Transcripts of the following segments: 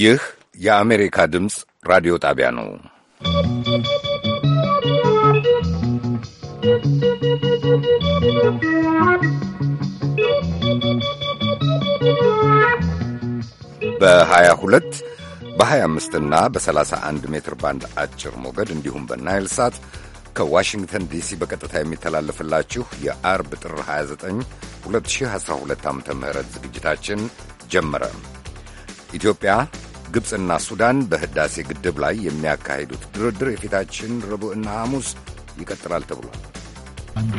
ይህ የአሜሪካ ድምፅ ራዲዮ ጣቢያ ነው። በ22 በ25 እና በ31 ሜትር ባንድ አጭር ሞገድ እንዲሁም በናይል ሳት ከዋሽንግተን ዲሲ በቀጥታ የሚተላለፍላችሁ የአርብ ጥር 29 2012 ዓ ም ዝግጅታችን ጀመረ። ኢትዮጵያ፣ ግብፅና ሱዳን በህዳሴ ግድብ ላይ የሚያካሂዱት ድርድር የፊታችን ረቡዕና ሐሙስ ይቀጥላል ተብሏል። አንዱ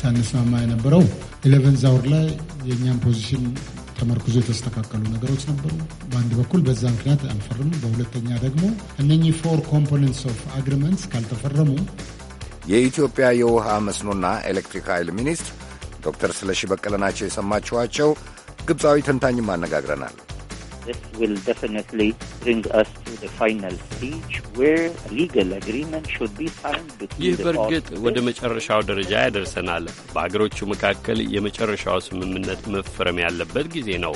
ሳንስማማ የነበረው ኢሌቨን ዛውር ላይ የእኛም ፖዚሽን ተመርኩዞ የተስተካከሉ ነገሮች ነበሩ። በአንድ በኩል በዛ ምክንያት አልፈርም፣ በሁለተኛ ደግሞ እነኚህ ፎር ኮምፖነንትስ ኦፍ አግሪመንትስ ካልተፈረሙ የኢትዮጵያ የውሃ መስኖና ኤሌክትሪክ ኃይል ሚኒስትር ዶክተር ስለሺ በቀለ ናቸው የሰማችኋቸው። ግብፃዊ ተንታኝም አነጋግረናል። This will definitely bring us to the final stage where a legal agreement should be signed between ይህ በእርግጥ ወደ መጨረሻው ደረጃ ያደርሰናል። በአገሮቹ መካከል የመጨረሻው ስምምነት መፈረም ያለበት ጊዜ ነው።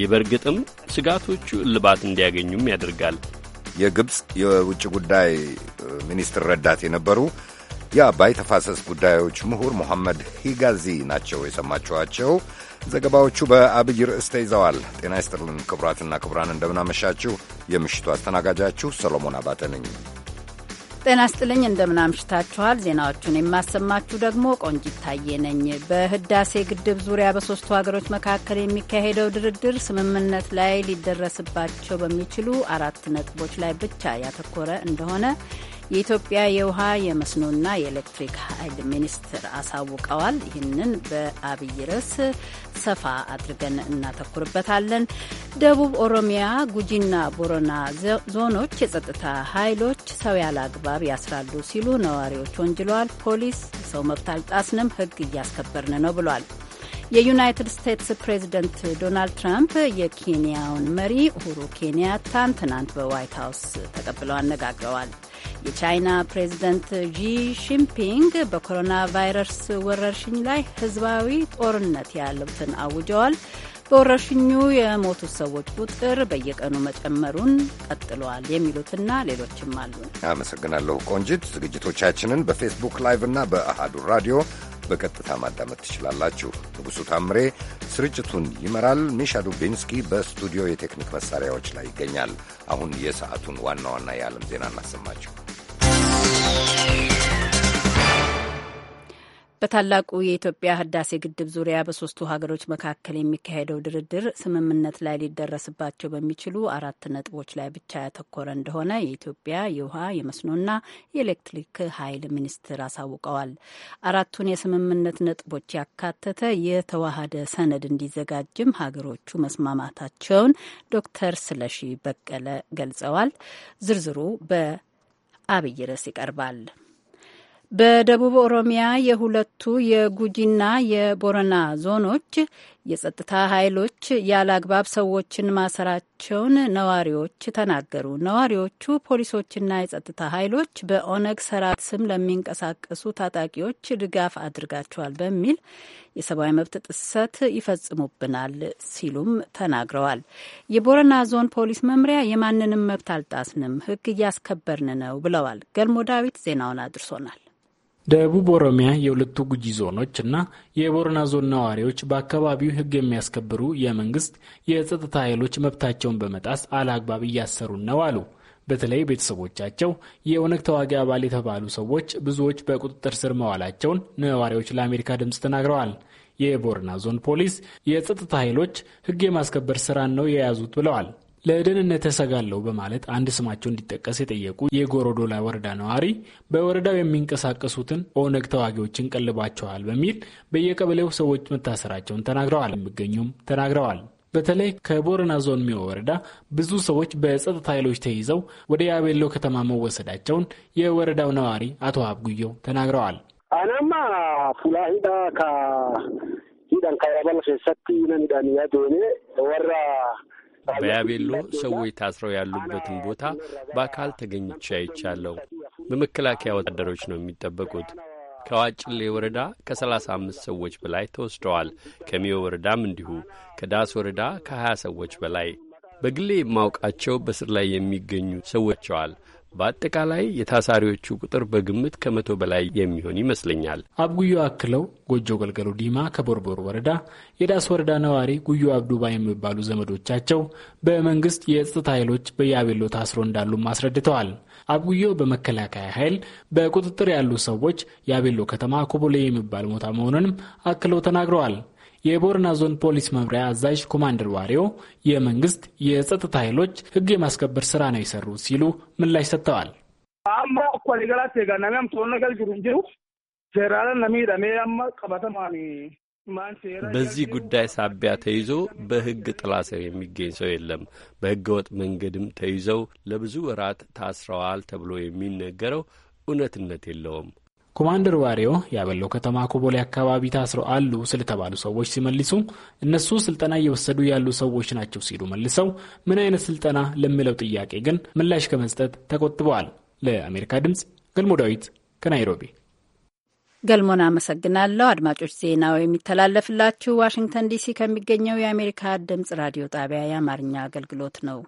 ይህ በእርግጥም ስጋቶቹ እልባት እንዲያገኙም ያደርጋል። የግብፅ የውጭ ጉዳይ ሚኒስትር ረዳት የነበሩ የአባይ ተፋሰስ ጉዳዮች ምሁር ሞሐመድ ሂጋዚ ናቸው የሰማችኋቸው። ዘገባዎቹ በአብይ ርዕስ ተይዘዋል። ጤና ይስጥልን ክቡራትና ክቡራን፣ እንደምናመሻችሁ። የምሽቱ አስተናጋጃችሁ ሰሎሞን አባተ ነኝ። ጤና ይስጥልኝ፣ እንደምናምሽታችኋል። ዜናዎቹን የማሰማችሁ ደግሞ ቆንጂት ይታየ ነኝ። በህዳሴ ግድብ ዙሪያ በሶስቱ ሀገሮች መካከል የሚካሄደው ድርድር ስምምነት ላይ ሊደረስባቸው በሚችሉ አራት ነጥቦች ላይ ብቻ ያተኮረ እንደሆነ የኢትዮጵያ የውሃ የመስኖና የኤሌክትሪክ ኃይል ሚኒስትር አሳውቀዋል። ይህንን በአብይ ርዕስ ሰፋ አድርገን እናተኩርበታለን። ደቡብ ኦሮሚያ ጉጂና ቦረና ዞኖች የጸጥታ ኃይሎች ሰው ያለ አግባብ ያስራሉ ሲሉ ነዋሪዎች ወንጅለዋል። ፖሊስ ሰው መብት አልጣስንም፣ ሕግ እያስከበርን ነው ብሏል። የዩናይትድ ስቴትስ ፕሬዝደንት ዶናልድ ትራምፕ የኬንያውን መሪ ኡሁሩ ኬንያታን ትናንት በዋይት ሀውስ ተቀብለው አነጋግረዋል። የቻይና ፕሬዚደንት ጂ ጂንፒንግ በኮሮና ቫይረስ ወረርሽኝ ላይ ህዝባዊ ጦርነት ያሉትን አውጀዋል። በወረርሽኙ የሞቱ ሰዎች ቁጥር በየቀኑ መጨመሩን ቀጥለዋል። የሚሉትና ሌሎችም አሉ። አመሰግናለሁ ቆንጂት። ዝግጅቶቻችንን በፌስቡክ ላይቭ እና በአሃዱ ራዲዮ በቀጥታ ማዳመጥ ትችላላችሁ። ንጉሡ ታምሬ ስርጭቱን ይመራል። ሚሻ ዱቢንስኪ በስቱዲዮ የቴክኒክ መሳሪያዎች ላይ ይገኛል። አሁን የሰዓቱን ዋና ዋና የዓለም ዜና እናሰማችሁ። በታላቁ የኢትዮጵያ ህዳሴ ግድብ ዙሪያ በሶስቱ ሀገሮች መካከል የሚካሄደው ድርድር ስምምነት ላይ ሊደረስባቸው በሚችሉ አራት ነጥቦች ላይ ብቻ ያተኮረ እንደሆነ የኢትዮጵያ የውሃ የመስኖና የኤሌክትሪክ ኃይል ሚኒስትር አሳውቀዋል። አራቱን የስምምነት ነጥቦች ያካተተ የተዋሃደ ሰነድ እንዲዘጋጅም ሀገሮቹ መስማማታቸውን ዶክተር ስለሺ በቀለ ገልጸዋል። ዝርዝሩ በ አብይ ርዕስ ይቀርባል። በደቡብ ኦሮሚያ የሁለቱ የጉጂና የቦረና ዞኖች የጸጥታ ኃይሎች ያለ አግባብ ሰዎችን ማሰራቸውን ነዋሪዎች ተናገሩ። ነዋሪዎቹ ፖሊሶችና የጸጥታ ኃይሎች በኦነግ ሰራዊት ስም ለሚንቀሳቀሱ ታጣቂዎች ድጋፍ አድርጋቸዋል በሚል የሰብአዊ መብት ጥሰት ይፈጽሙብናል ሲሉም ተናግረዋል። የቦረና ዞን ፖሊስ መምሪያ የማንንም መብት አልጣስንም፣ ሕግ እያስከበርን ነው ብለዋል። ገልሞ ዳዊት ዜናውን አድርሶናል። ደቡብ ኦሮሚያ የሁለቱ ጉጂ ዞኖች እና የቦረና ዞን ነዋሪዎች በአካባቢው ሕግ የሚያስከብሩ የመንግስት የጸጥታ ኃይሎች መብታቸውን በመጣስ አላግባብ እያሰሩን ነው አሉ። በተለይ ቤተሰቦቻቸው የኦነግ ተዋጊ አባል የተባሉ ሰዎች ብዙዎች በቁጥጥር ስር መዋላቸውን ነዋሪዎች ለአሜሪካ ድምፅ ተናግረዋል። የቦረና ዞን ፖሊስ የጸጥታ ኃይሎች ሕግ የማስከበር ስራን ነው የያዙት ብለዋል። ለደህንነት ተሰጋለሁ በማለት አንድ ስማቸው እንዲጠቀስ የጠየቁ የጎሮዶላ ወረዳ ነዋሪ በወረዳው የሚንቀሳቀሱትን ኦነግ ተዋጊዎችን ቀልባቸዋል በሚል በየቀበሌው ሰዎች መታሰራቸውን ተናግረዋል። የሚገኙም ተናግረዋል። በተለይ ከቦረና ዞን ሚኦ ወረዳ ብዙ ሰዎች በጸጥታ ኃይሎች ተይዘው ወደ ያቤሎ ከተማ መወሰዳቸውን የወረዳው ነዋሪ አቶ ሀብጉየው ተናግረዋል። አናማ ፉላሂዳ ከሂዳን ከያበል ሰቲ ነንዳንያ ጆኔ ወራ በያቤሎ ሰዎች ታስረው ያሉበትን ቦታ በአካል ተገኝቼ አይቻለሁ። በመከላከያ ወታደሮች ነው የሚጠበቁት። ከዋጭሌ ወረዳ ከ35 ሰዎች በላይ ተወስደዋል። ከሚዮ ወረዳም እንዲሁ፣ ከዳስ ወረዳ ከ20 ሰዎች በላይ በግሌ የማውቃቸው በስር ላይ የሚገኙ ሰዎችዋል። በአጠቃላይ የታሳሪዎቹ ቁጥር በግምት ከመቶ በላይ የሚሆን ይመስለኛል። አብ ጉዮ አክለው ጎጆ ገልገሉ ዲማ ከቦርቦር ወረዳ የዳስ ወረዳ ነዋሪ ጉዮ አብዱባ የሚባሉ ዘመዶቻቸው በመንግስት የጸጥታ ኃይሎች በያቤሎ ታስሮ እንዳሉም አስረድተዋል። አብ ጉዮ በመከላከያ ኃይል በቁጥጥር ያሉ ሰዎች የአቤሎ ከተማ ኮቦሌ የሚባል ቦታ መሆኑንም አክለው ተናግረዋል። የቦረና ዞን ፖሊስ መምሪያ አዛዥ ኮማንደር ዋሪዮ የመንግስት የጸጥታ ኃይሎች ህግ የማስከበር ስራ ነው የሰሩ ሲሉ ምላሽ ሰጥተዋል። በዚህ ጉዳይ ሳቢያ ተይዞ በህግ ጥላ ስር የሚገኝ ሰው የለም። በህገ ወጥ መንገድም ተይዘው ለብዙ ወራት ታስረዋል ተብሎ የሚነገረው እውነትነት የለውም። ኮማንደር ዋሬዮ ያበለው ከተማ ኮቦሌ አካባቢ ታስረው አሉ ስለተባሉ ሰዎች ሲመልሱ እነሱ ስልጠና እየወሰዱ ያሉ ሰዎች ናቸው ሲሉ መልሰው ምን አይነት ስልጠና ለሚለው ጥያቄ ግን ምላሽ ከመስጠት ተቆጥበዋል። ለአሜሪካ ድምፅ ገልሞ ዳዊት ከናይሮቢ ገልሞን አመሰግናለሁ። አድማጮች ዜናው የሚተላለፍላችሁ ዋሽንግተን ዲሲ ከሚገኘው የአሜሪካ ድምጽ ራዲዮ ጣቢያ የአማርኛ አገልግሎት ነው።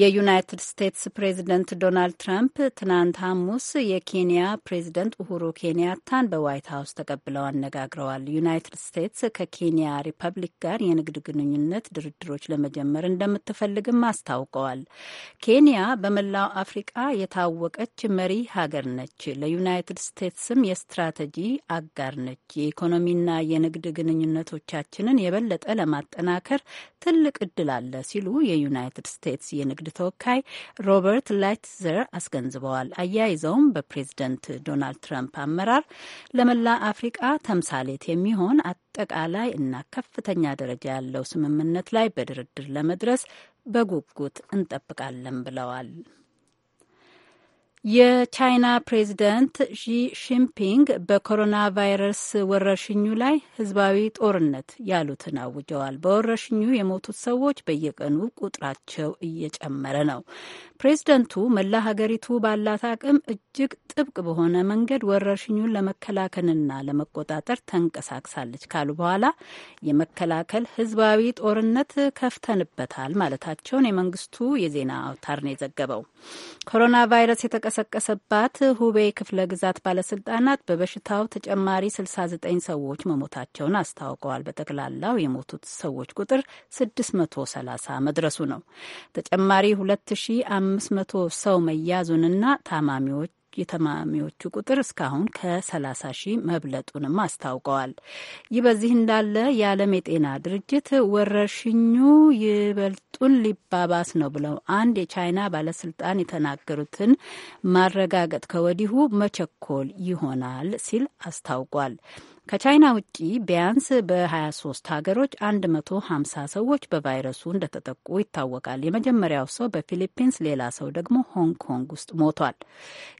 የዩናይትድ ስቴትስ ፕሬዚደንት ዶናልድ ትራምፕ ትናንት ሐሙስ የኬንያ ፕሬዚደንት ኡሁሩ ኬንያታን በዋይት ሀውስ ተቀብለው አነጋግረዋል። ዩናይትድ ስቴትስ ከኬንያ ሪፐብሊክ ጋር የንግድ ግንኙነት ድርድሮች ለመጀመር እንደምትፈልግም አስታውቀዋል። ኬንያ በመላው አፍሪቃ የታወቀች መሪ ሀገር ነች። ለዩናይትድ ስቴትስም የስትራቴጂ አጋር ነች። የኢኮኖሚና የንግድ ግንኙነቶቻችንን የበለጠ ለማጠናከር ትልቅ እድል አለ ሲሉ የዩናይትድ ስቴትስ የንግድ ተወካይ ሮበርት ላይትዘር አስገንዝበዋል። አያይዘውም በፕሬዝደንት ዶናልድ ትራምፕ አመራር ለመላ አፍሪቃ ተምሳሌት የሚሆን አጠቃላይ እና ከፍተኛ ደረጃ ያለው ስምምነት ላይ በድርድር ለመድረስ በጉጉት እንጠብቃለን ብለዋል። የቻይና ፕሬዚደንት ሺ ጂንፒንግ በኮሮና ቫይረስ ወረርሽኙ ላይ ህዝባዊ ጦርነት ያሉትን አውጀዋል። በወረርሽኙ የሞቱት ሰዎች በየቀኑ ቁጥራቸው እየጨመረ ነው። ፕሬዚደንቱ መላ ሀገሪቱ ባላት አቅም እጅግ ጥብቅ በሆነ መንገድ ወረርሽኙን ለመከላከልና ለመቆጣጠር ተንቀሳቅሳለች ካሉ በኋላ የመከላከል ህዝባዊ ጦርነት ከፍተንበታል ማለታቸውን የመንግስቱ የዜና አውታር ነው የዘገበው። ኮሮና ቫይረስ የተቀ የተቀሰቀሰባት ሁቤ ክፍለ ግዛት ባለስልጣናት በበሽታው ተጨማሪ 69 ሰዎች መሞታቸውን አስታውቀዋል። በጠቅላላው የሞቱት ሰዎች ቁጥር 630 መድረሱ ነው። ተጨማሪ 2500 ሰው መያዙንና ታማሚዎች የተማሚዎቹ ቁጥር እስካሁን ከ30 ሺህ መብለጡንም አስታውቀዋል። ይህ በዚህ እንዳለ የዓለም የጤና ድርጅት ወረርሽኙ ይበልጡን ሊባባስ ነው ብለው አንድ የቻይና ባለስልጣን የተናገሩትን ማረጋገጥ ከወዲሁ መቸኮል ይሆናል ሲል አስታውቋል። ከቻይና ውጪ ቢያንስ በ23 ሀገሮች 150 ሰዎች በቫይረሱ እንደተጠቁ ይታወቃል። የመጀመሪያው ሰው በፊሊፒንስ፣ ሌላ ሰው ደግሞ ሆንግ ኮንግ ውስጥ ሞቷል።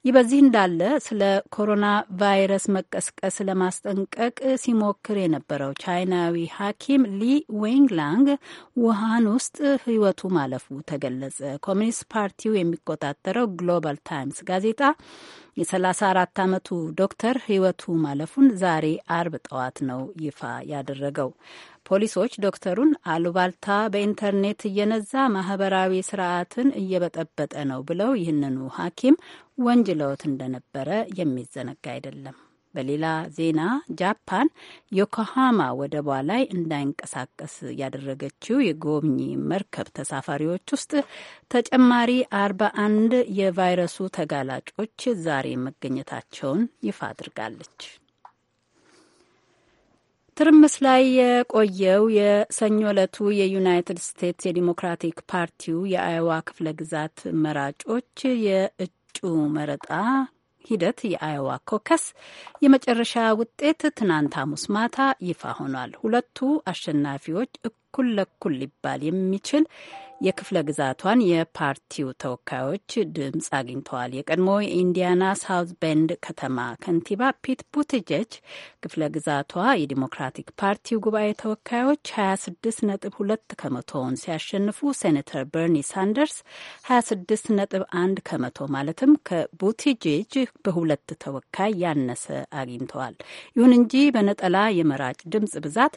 ይህ በዚህ እንዳለ ስለ ኮሮና ቫይረስ መቀስቀስ ለማስጠንቀቅ ሲሞክር የነበረው ቻይናዊ ሐኪም ሊ ዌንግላንግ ውሃን ውስጥ ህይወቱ ማለፉ ተገለጸ። ኮሚኒስት ፓርቲው የሚቆጣጠረው ግሎባል ታይምስ ጋዜጣ የ34 ዓመቱ ዶክተር ህይወቱ ማለፉን ዛሬ አርብ ጠዋት ነው ይፋ ያደረገው። ፖሊሶች ዶክተሩን አሉባልታ በኢንተርኔት እየነዛ ማህበራዊ ስርዓትን እየበጠበጠ ነው ብለው ይህንኑ ሐኪም ወንጅለውት እንደነበረ የሚዘነጋ አይደለም። በሌላ ዜና ጃፓን ዮኮሃማ ወደቧ ላይ እንዳይንቀሳቀስ ያደረገችው የጎብኚ መርከብ ተሳፋሪዎች ውስጥ ተጨማሪ አርባ አንድ የቫይረሱ ተጋላጮች ዛሬ መገኘታቸውን ይፋ አድርጋለች። ትርምስ ላይ የቆየው የሰኞ ዕለቱ የዩናይትድ ስቴትስ የዲሞክራቲክ ፓርቲው የአይዋ ክፍለ ግዛት መራጮች የእጩ መረጣ ሂደት የአዮዋ ኮከስ የመጨረሻ ውጤት ትናንት ሐሙስ ማታ ይፋ ሆኗል። ሁለቱ አሸናፊዎች እኩል ለኩል ሊባል የሚችል የክፍለ ግዛቷን የፓርቲው ተወካዮች ድምፅ አግኝተዋል። የቀድሞ የኢንዲያና ሳውዝ ቤንድ ከተማ ከንቲባ ፒት ቡትጀች ክፍለ ግዛቷ የዲሞክራቲክ ፓርቲው ጉባኤ ተወካዮች 26 2 ከመቶውን ሲያሸንፉ ሴኔተር በርኒ ሳንደርስ 26 1 ከመቶ ማለትም ከቡትጀጅ በሁለት ተወካይ ያነሰ አግኝተዋል። ይሁን እንጂ በነጠላ የመራጭ ድምፅ ብዛት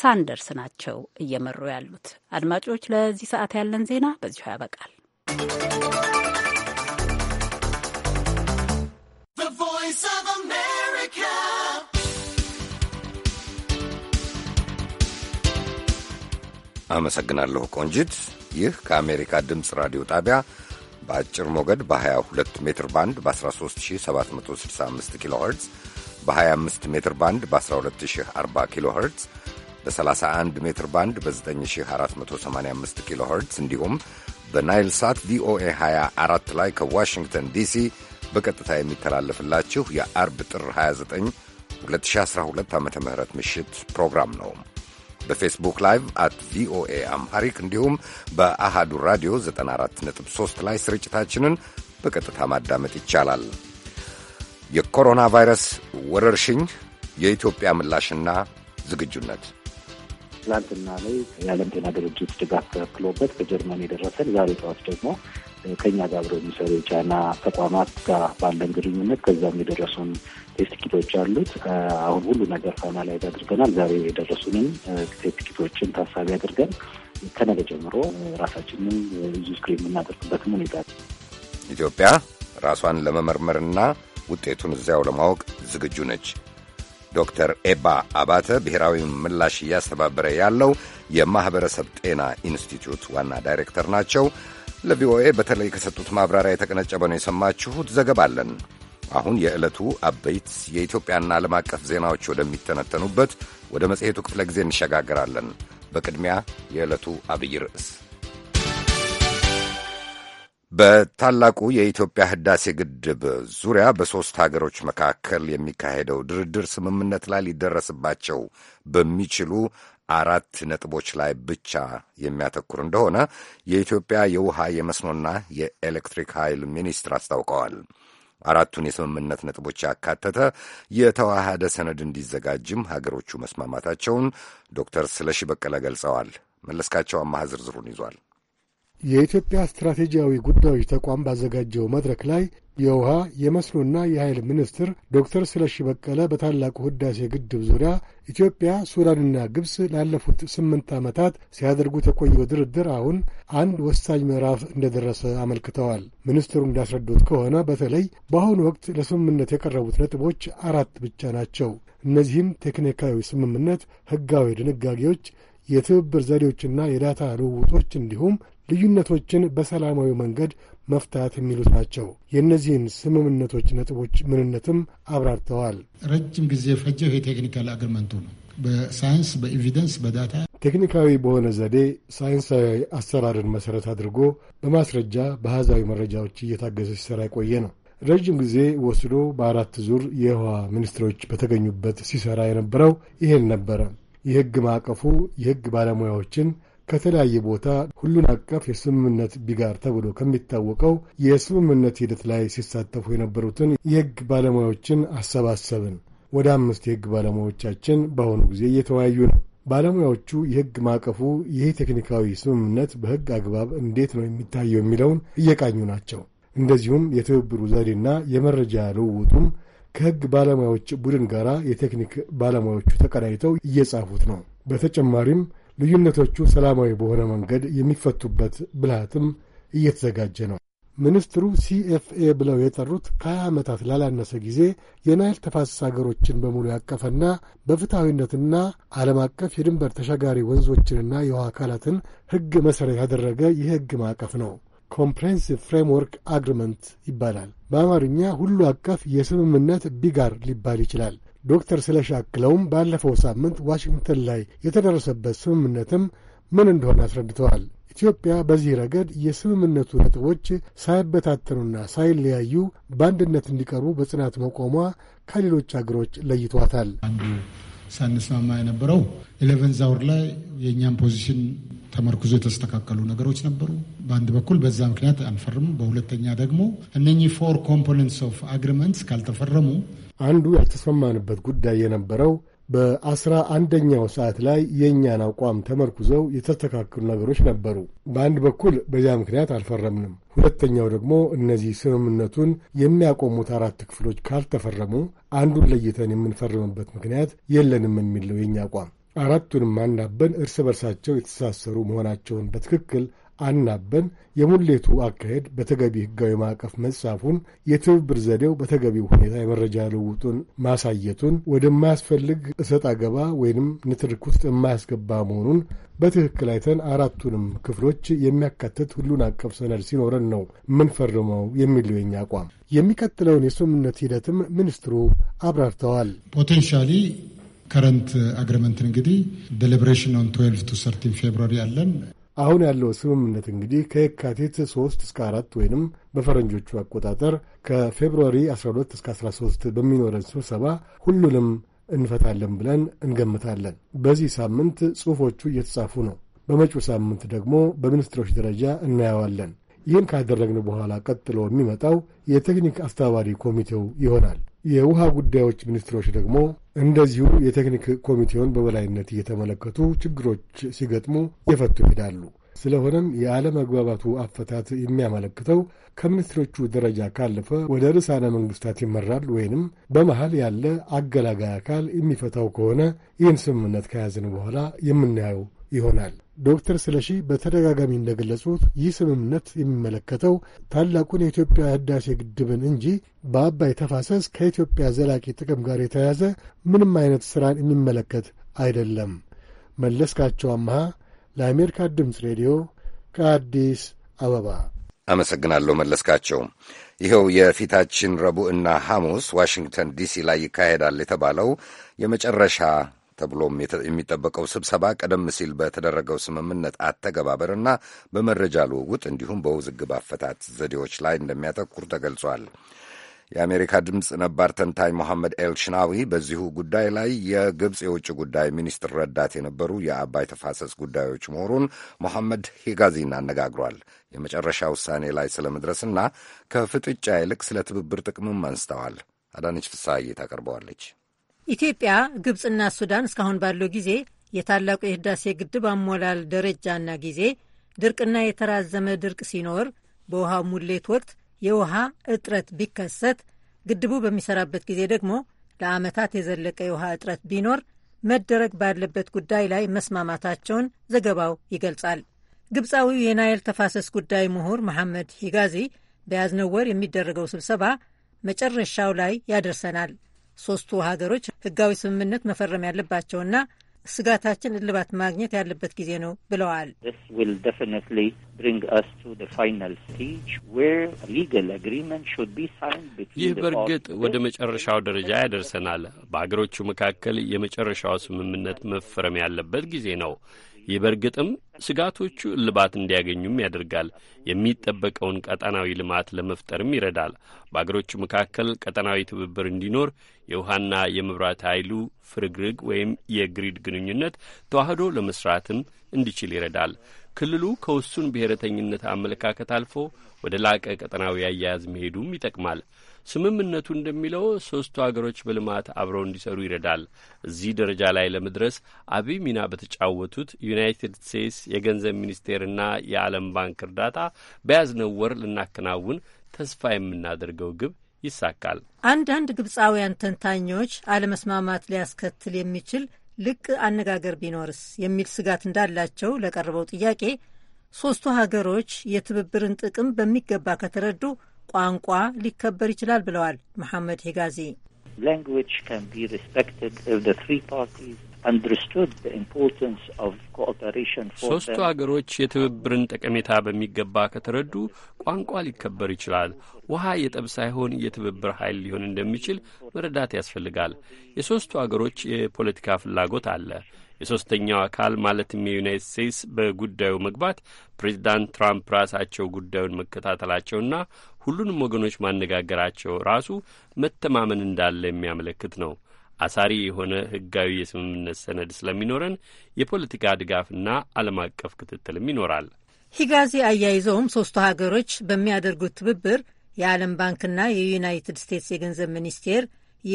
ሳንደርስ ናቸው እየመሩ ያሉት። አድማጮች ለዚህ ሰዓት ያለን ዜና በዚሁ ያበቃል። አመሰግናለሁ ቆንጂት። ይህ ከአሜሪካ ድምፅ ራዲዮ ጣቢያ በአጭር ሞገድ በ22 ሜትር ባንድ በ13765 ኪሎ ኸርትዝ በ25 ሜትር ባንድ በ1240 ኪሎ ኸርትዝ በ31 ሜትር ባንድ በ9485 ኪሎ ኸርትዝ እንዲሁም በናይል ሳት ቪኦኤ 24 ላይ ከዋሽንግተን ዲሲ በቀጥታ የሚተላለፍላችሁ የአርብ ጥር 29 2012 ዓ ም ምሽት ፕሮግራም ነው። በፌስቡክ ላይቭ አት ቪኦኤ አምሃሪክ እንዲሁም በአሃዱ ራዲዮ 94.3 ላይ ስርጭታችንን በቀጥታ ማዳመጥ ይቻላል። የኮሮና ቫይረስ ወረርሽኝ የኢትዮጵያ ምላሽና ዝግጁነት ትላንትና ላይ የዓለም ጤና ድርጅት ድጋፍ ተከክሎበት ከጀርመን የደረሰን ዛሬ ጠዋት ደግሞ ከኛ ጋር አብረው የሚሰሩ የቻይና ተቋማት ጋር ባለን ግንኙነት ከዛም የደረሱን ቴስት ኪቶች አሉት። አሁን ሁሉ ነገር ፋይናላይዝ አድርገናል። ዛሬ የደረሱንን ቴስት ኪቶችን ታሳቢ አድርገን ከነገ ጀምሮ ራሳችንን ብዙ ስክሪን የምናደርግበትም ሁኔታ ኢትዮጵያ ራሷን ለመመርመርና ውጤቱን እዚያው ለማወቅ ዝግጁ ነች። ዶክተር ኤባ አባተ ብሔራዊ ምላሽ እያስተባበረ ያለው የማኅበረሰብ ጤና ኢንስቲትዩት ዋና ዳይሬክተር ናቸው። ለቪኦኤ በተለይ ከሰጡት ማብራሪያ የተቀነጨበ ነው የሰማችሁት። ዘገባ አለን። አሁን የዕለቱ አበይት የኢትዮጵያና ዓለም አቀፍ ዜናዎች ወደሚተነተኑበት ወደ መጽሔቱ ክፍለ ጊዜ እንሸጋገራለን። በቅድሚያ የዕለቱ አብይ ርዕስ በታላቁ የኢትዮጵያ ህዳሴ ግድብ ዙሪያ በሦስት ሀገሮች መካከል የሚካሄደው ድርድር ስምምነት ላይ ሊደረስባቸው በሚችሉ አራት ነጥቦች ላይ ብቻ የሚያተኩር እንደሆነ የኢትዮጵያ የውሃ የመስኖና የኤሌክትሪክ ኃይል ሚኒስትር አስታውቀዋል። አራቱን የስምምነት ነጥቦች ያካተተ የተዋሃደ ሰነድ እንዲዘጋጅም ሀገሮቹ መስማማታቸውን ዶክተር ስለሺ በቀለ ገልጸዋል። መለስካቸው አማሃ ዝርዝሩን ይዟል። የኢትዮጵያ ስትራቴጂያዊ ጉዳዮች ተቋም ባዘጋጀው መድረክ ላይ የውሃ የመስኖና የኃይል ሚኒስትር ዶክተር ስለሺ በቀለ በታላቁ ህዳሴ ግድብ ዙሪያ ኢትዮጵያ፣ ሱዳንና ግብፅ ላለፉት ስምንት ዓመታት ሲያደርጉት የቆየው ድርድር አሁን አንድ ወሳኝ ምዕራፍ እንደደረሰ አመልክተዋል። ሚኒስትሩ እንዳስረዱት ከሆነ በተለይ በአሁኑ ወቅት ለስምምነት የቀረቡት ነጥቦች አራት ብቻ ናቸው። እነዚህም ቴክኒካዊ ስምምነት፣ ህጋዊ ድንጋጌዎች የትብብር ዘዴዎችና የዳታ ልውውጦች እንዲሁም ልዩነቶችን በሰላማዊ መንገድ መፍታት የሚሉት ናቸው። የእነዚህን ስምምነቶች ነጥቦች ምንነትም አብራርተዋል። ረጅም ጊዜ ፈጀው የቴክኒካል ቴክኒካል ነው። በሳይንስ በኤቪደንስ በዳታ ቴክኒካዊ በሆነ ዘዴ ሳይንሳዊ አሰራርን መሠረት አድርጎ በማስረጃ በአሃዛዊ መረጃዎች እየታገዘ ሲሰራ የቆየ ነው። ረዥም ጊዜ ወስዶ በአራት ዙር የውሃ ሚኒስትሮች በተገኙበት ሲሰራ የነበረው ይሄን ነበረ። የህግ ማዕቀፉ የህግ ባለሙያዎችን ከተለያየ ቦታ ሁሉን አቀፍ የስምምነት ቢጋር ተብሎ ከሚታወቀው የስምምነት ሂደት ላይ ሲሳተፉ የነበሩትን የሕግ ባለሙያዎችን አሰባሰብን። ወደ አምስት የሕግ ባለሙያዎቻችን በአሁኑ ጊዜ እየተወያዩ ነው። ባለሙያዎቹ የሕግ ማዕቀፉ ይህ ቴክኒካዊ ስምምነት በሕግ አግባብ እንዴት ነው የሚታየው የሚለውን እየቃኙ ናቸው። እንደዚሁም የትብብሩ ዘዴና የመረጃ ልውውጡም ከሕግ ባለሙያዎች ቡድን ጋር የቴክኒክ ባለሙያዎቹ ተቀናይተው እየጻፉት ነው። በተጨማሪም ልዩነቶቹ ሰላማዊ በሆነ መንገድ የሚፈቱበት ብልሃትም እየተዘጋጀ ነው። ሚኒስትሩ ሲኤፍኤ ብለው የጠሩት ከሀያ ዓመታት ላላነሰ ጊዜ የናይል ተፋሰስ አገሮችን በሙሉ ያቀፈና በፍትሐዊነትና ዓለም አቀፍ የድንበር ተሻጋሪ ወንዞችንና የውሃ አካላትን ሕግ መሠረት ያደረገ የሕግ ማዕቀፍ ነው። ኮምፕሬንሲቭ ፍሬምወርክ አግሪመንት ይባላል። በአማርኛ ሁሉ አቀፍ የስምምነት ቢጋር ሊባል ይችላል። ዶክተር ስለሻክለውም ባለፈው ሳምንት ዋሽንግተን ላይ የተደረሰበት ስምምነትም ምን እንደሆነ አስረድተዋል። ኢትዮጵያ በዚህ ረገድ የስምምነቱ ነጥቦች ሳይበታተኑና ሳይለያዩ በአንድነት እንዲቀርቡ በጽናት መቆሟ ከሌሎች አገሮች ለይቷታል። አንዱ ሳንስማማ የነበረው ኢሌቨን ዛውር ላይ የእኛም ፖዚሽን ተመርኩዞ የተስተካከሉ ነገሮች ነበሩ። በአንድ በኩል በዛ ምክንያት አንፈርም፣ በሁለተኛ ደግሞ እነኚህ ፎር ኮምፖነንትስ ኦፍ አግሪመንትስ ካልተፈረሙ አንዱ ያልተስማማንበት ጉዳይ የነበረው በአስራ አንደኛው ሰዓት ላይ የእኛን አቋም ተመርኩዘው የተስተካከሉ ነገሮች ነበሩ። በአንድ በኩል በዚያ ምክንያት አልፈረምንም። ሁለተኛው ደግሞ እነዚህ ስምምነቱን የሚያቆሙት አራት ክፍሎች ካልተፈረሙ አንዱን ለይተን የምንፈርምበት ምክንያት የለንም የሚል የእኛ አቋም። አራቱንም አናበን እርስ በርሳቸው የተሳሰሩ መሆናቸውን በትክክል አናበን የሙሌቱ አካሄድ በተገቢ ሕጋዊ ማዕቀፍ መጻፉን የትብብር ዘዴው በተገቢው ሁኔታ የመረጃ ልውጡን ማሳየቱን ወደማያስፈልግ እሰጥ አገባ ወይንም ንትርክ ውስጥ የማያስገባ መሆኑን በትክክል አይተን አራቱንም ክፍሎች የሚያካትት ሁሉን አቀፍ ሰነድ ሲኖረን ነው የምንፈርመው የሚለው የኛ አቋም። የሚቀጥለውን የስምምነት ሂደትም ሚኒስትሩ አብራርተዋል። ፖቴንሻሊ ከረንት አግሪመንት uh, እንግዲህ ዴሊብሬሽን ኦን ትዌልቭ ቱ ሰርቲን ፌብሩዋሪ አለን። አሁን ያለው ስምምነት እንግዲህ ከየካቲት 3 እስከ 4 ወይንም በፈረንጆቹ አቆጣጠር ከፌብሩዋሪ 12 እስከ 13 በሚኖረን ስብሰባ ሁሉንም እንፈታለን ብለን እንገምታለን። በዚህ ሳምንት ጽሑፎቹ እየተጻፉ ነው። በመጪው ሳምንት ደግሞ በሚኒስትሮች ደረጃ እናየዋለን። ይህን ካደረግን በኋላ ቀጥሎ የሚመጣው የቴክኒክ አስተባባሪ ኮሚቴው ይሆናል። የውሃ ጉዳዮች ሚኒስትሮች ደግሞ እንደዚሁ የቴክኒክ ኮሚቴውን በበላይነት እየተመለከቱ ችግሮች ሲገጥሙ እየፈቱ ይሄዳሉ። ስለሆነም የአለመግባባቱ አፈታት የሚያመለክተው ከሚኒስትሮቹ ደረጃ ካለፈ ወደ ርዕሳነ መንግስታት ይመራል ወይንም በመሃል ያለ አገላጋይ አካል የሚፈታው ከሆነ ይህን ስምምነት ከያዝን በኋላ የምናየው ይሆናል። ዶክተር ስለሺ በተደጋጋሚ እንደገለጹት ይህ ስምምነት የሚመለከተው ታላቁን የኢትዮጵያ ህዳሴ ግድብን እንጂ በአባይ ተፋሰስ ከኢትዮጵያ ዘላቂ ጥቅም ጋር የተያያዘ ምንም አይነት ሥራን የሚመለከት አይደለም። መለስካቸው አመሃ ለአሜሪካ ድምፅ ሬዲዮ ከአዲስ አበባ አመሰግናለሁ። መለስካቸው ይኸው የፊታችን ረቡዕና ሐሙስ ዋሽንግተን ዲሲ ላይ ይካሄዳል የተባለው የመጨረሻ ተብሎም የሚጠበቀው ስብሰባ ቀደም ሲል በተደረገው ስምምነት አተገባበርና በመረጃ ልውውጥ እንዲሁም በውዝግብ አፈታት ዘዴዎች ላይ እንደሚያተኩር ተገልጿል። የአሜሪካ ድምፅ ነባር ተንታኝ መሐመድ ኤል ሽናዊ በዚሁ ጉዳይ ላይ የግብፅ የውጭ ጉዳይ ሚኒስትር ረዳት የነበሩ የአባይ ተፋሰስ ጉዳዮች መሆኑን መሐመድ ሂጋዚን አነጋግሯል። የመጨረሻ ውሳኔ ላይ ስለ መድረስና ከፍጥጫ ይልቅ ስለ ትብብር ጥቅምም አንስተዋል። አዳነች ፍስሐዬ ታቀርበዋለች። ኢትዮጵያ፣ ግብጽና ሱዳን እስካሁን ባለው ጊዜ የታላቁ የህዳሴ ግድብ አሞላል ደረጃና ጊዜ፣ ድርቅና የተራዘመ ድርቅ ሲኖር፣ በውሃ ሙሌት ወቅት የውሃ እጥረት ቢከሰት፣ ግድቡ በሚሰራበት ጊዜ ደግሞ ለዓመታት የዘለቀ የውሃ እጥረት ቢኖር መደረግ ባለበት ጉዳይ ላይ መስማማታቸውን ዘገባው ይገልጻል። ግብፃዊው የናይል ተፋሰስ ጉዳይ ምሁር መሐመድ ሂጋዚ በያዝነው ወር የሚደረገው ስብሰባ መጨረሻው ላይ ያደርሰናል ሶስቱ ሀገሮች ህጋዊ ስምምነት መፈረም ያለባቸውና ስጋታችን እልባት ማግኘት ያለበት ጊዜ ነው ብለዋል። ይህ በእርግጥ ወደ መጨረሻው ደረጃ ያደርሰናል። በሀገሮቹ መካከል የመጨረሻው ስምምነት መፈረም ያለበት ጊዜ ነው። ይህ በእርግጥም ስጋቶቹ እልባት እንዲያገኙም ያደርጋል። የሚጠበቀውን ቀጠናዊ ልማት ለመፍጠርም ይረዳል። በአገሮቹ መካከል ቀጠናዊ ትብብር እንዲኖር የውሃና የመብራት ኃይሉ ፍርግርግ ወይም የግሪድ ግንኙነት ተዋህዶ ለመስራትም እንዲችል ይረዳል። ክልሉ ከውሱን ብሔረተኝነት አመለካከት አልፎ ወደ ላቀ ቀጠናዊ አያያዝ መሄዱም ይጠቅማል። ስምምነቱ እንደሚለው ሶስቱ አገሮች በልማት አብረው እንዲሰሩ ይረዳል። እዚህ ደረጃ ላይ ለመድረስ አብይ ሚና በተጫወቱት ዩናይትድ ስቴትስ የገንዘብ ሚኒስቴርና የዓለም ባንክ እርዳታ በያዝነው ወር ልናከናውን ተስፋ የምናደርገው ግብ ይሳካል። አንዳንድ ግብፃውያን ተንታኞች አለመስማማት ሊያስከትል የሚችል ልቅ አነጋገር ቢኖርስ የሚል ስጋት እንዳላቸው ለቀረበው ጥያቄ ሶስቱ ሀገሮች የትብብርን ጥቅም በሚገባ ከተረዱ ቋንቋ ሊከበር ይችላል ብለዋል መሐመድ ሂጋዚ። ሶስቱ አገሮች የትብብርን ጠቀሜታ በሚገባ ከተረዱ ቋንቋ ሊከበር ይችላል። ውሃ የጠብ ሳይሆን የትብብር ኃይል ሊሆን እንደሚችል መረዳት ያስፈልጋል። የሶስቱ አገሮች የፖለቲካ ፍላጎት አለ። የሶስተኛው አካል ማለትም የዩናይትድ ስቴትስ በጉዳዩ መግባት ፕሬዚዳንት ትራምፕ ራሳቸው ጉዳዩን መከታተላቸውና ሁሉንም ወገኖች ማነጋገራቸው ራሱ መተማመን እንዳለ የሚያመለክት ነው። አሳሪ የሆነ ሕጋዊ የስምምነት ሰነድ ስለሚኖረን የፖለቲካ ድጋፍና ዓለም አቀፍ ክትትልም ይኖራል። ሂጋዚ አያይዘውም ሦስቱ ሀገሮች በሚያደርጉት ትብብር የዓለም ባንክና የዩናይትድ ስቴትስ የገንዘብ ሚኒስቴር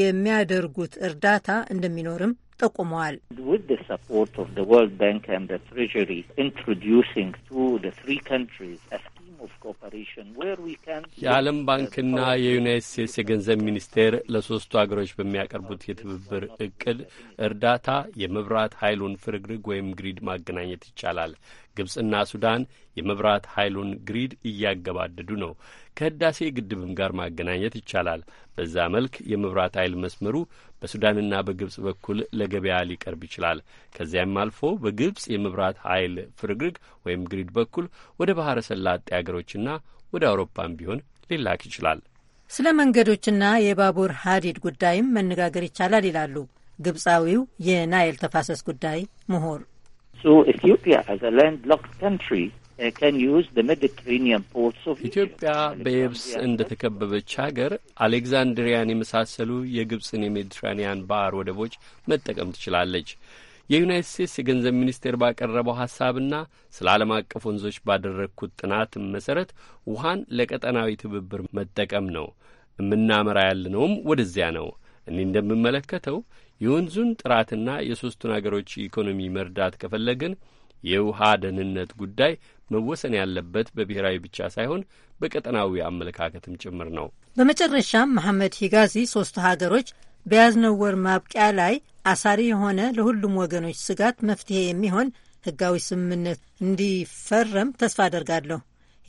የሚያደርጉት እርዳታ እንደሚኖርም ጠቁመዋል። የዓለም ባንክና የዩናይት ስቴትስ የገንዘብ ሚኒስቴር ለሶስቱ አገሮች በሚያቀርቡት የትብብር እቅድ እርዳታ የመብራት ኃይሉን ፍርግርግ ወይም ግሪድ ማገናኘት ይቻላል። ግብጽና ሱዳን የመብራት ኃይሉን ግሪድ እያገባደዱ ነው። ከህዳሴ ግድብም ጋር ማገናኘት ይቻላል። በዛ መልክ የመብራት ኃይል መስመሩ በሱዳንና በግብጽ በኩል ለገበያ ሊቀርብ ይችላል። ከዚያም አልፎ በግብጽ የመብራት ኃይል ፍርግርግ ወይም ግሪድ በኩል ወደ ባህረ ሰላጤ አገሮችና ወደ አውሮፓም ቢሆን ሊላክ ይችላል። ስለ መንገዶችና የባቡር ሀዲድ ጉዳይም መነጋገር ይቻላል ይላሉ ግብፃዊው የናይል ተፋሰስ ጉዳይ ምሁር። Uh, ኢትዮጵያ በየብስ እንደተከበበች ሀገር አሌግዛንድሪያን የመሳሰሉ የግብፅን የሜዲትራኒያን ባህር ወደቦች መጠቀም ትችላለች። የዩናይት ስቴትስ የገንዘብ ሚኒስቴር ባቀረበው ሀሳብና ስለ ዓለም አቀፍ ወንዞች ባደረግኩት ጥናት መሰረት ውሃን ለቀጠናዊ ትብብር መጠቀም ነው የምናመራ ያለነውም ወደዚያ ነው። እኔ እንደምመለከተው የወንዙን ጥራትና የሦስቱን አገሮች ኢኮኖሚ መርዳት ከፈለግን የውሃ ደህንነት ጉዳይ መወሰን ያለበት በብሔራዊ ብቻ ሳይሆን በቀጠናዊ አመለካከትም ጭምር ነው። በመጨረሻም መሐመድ ሂጋዚ ሶስቱ ሀገሮች በያዝነው ወር ማብቂያ ላይ አሳሪ የሆነ ለሁሉም ወገኖች ስጋት መፍትሄ የሚሆን ህጋዊ ስምምነት እንዲፈረም ተስፋ አደርጋለሁ።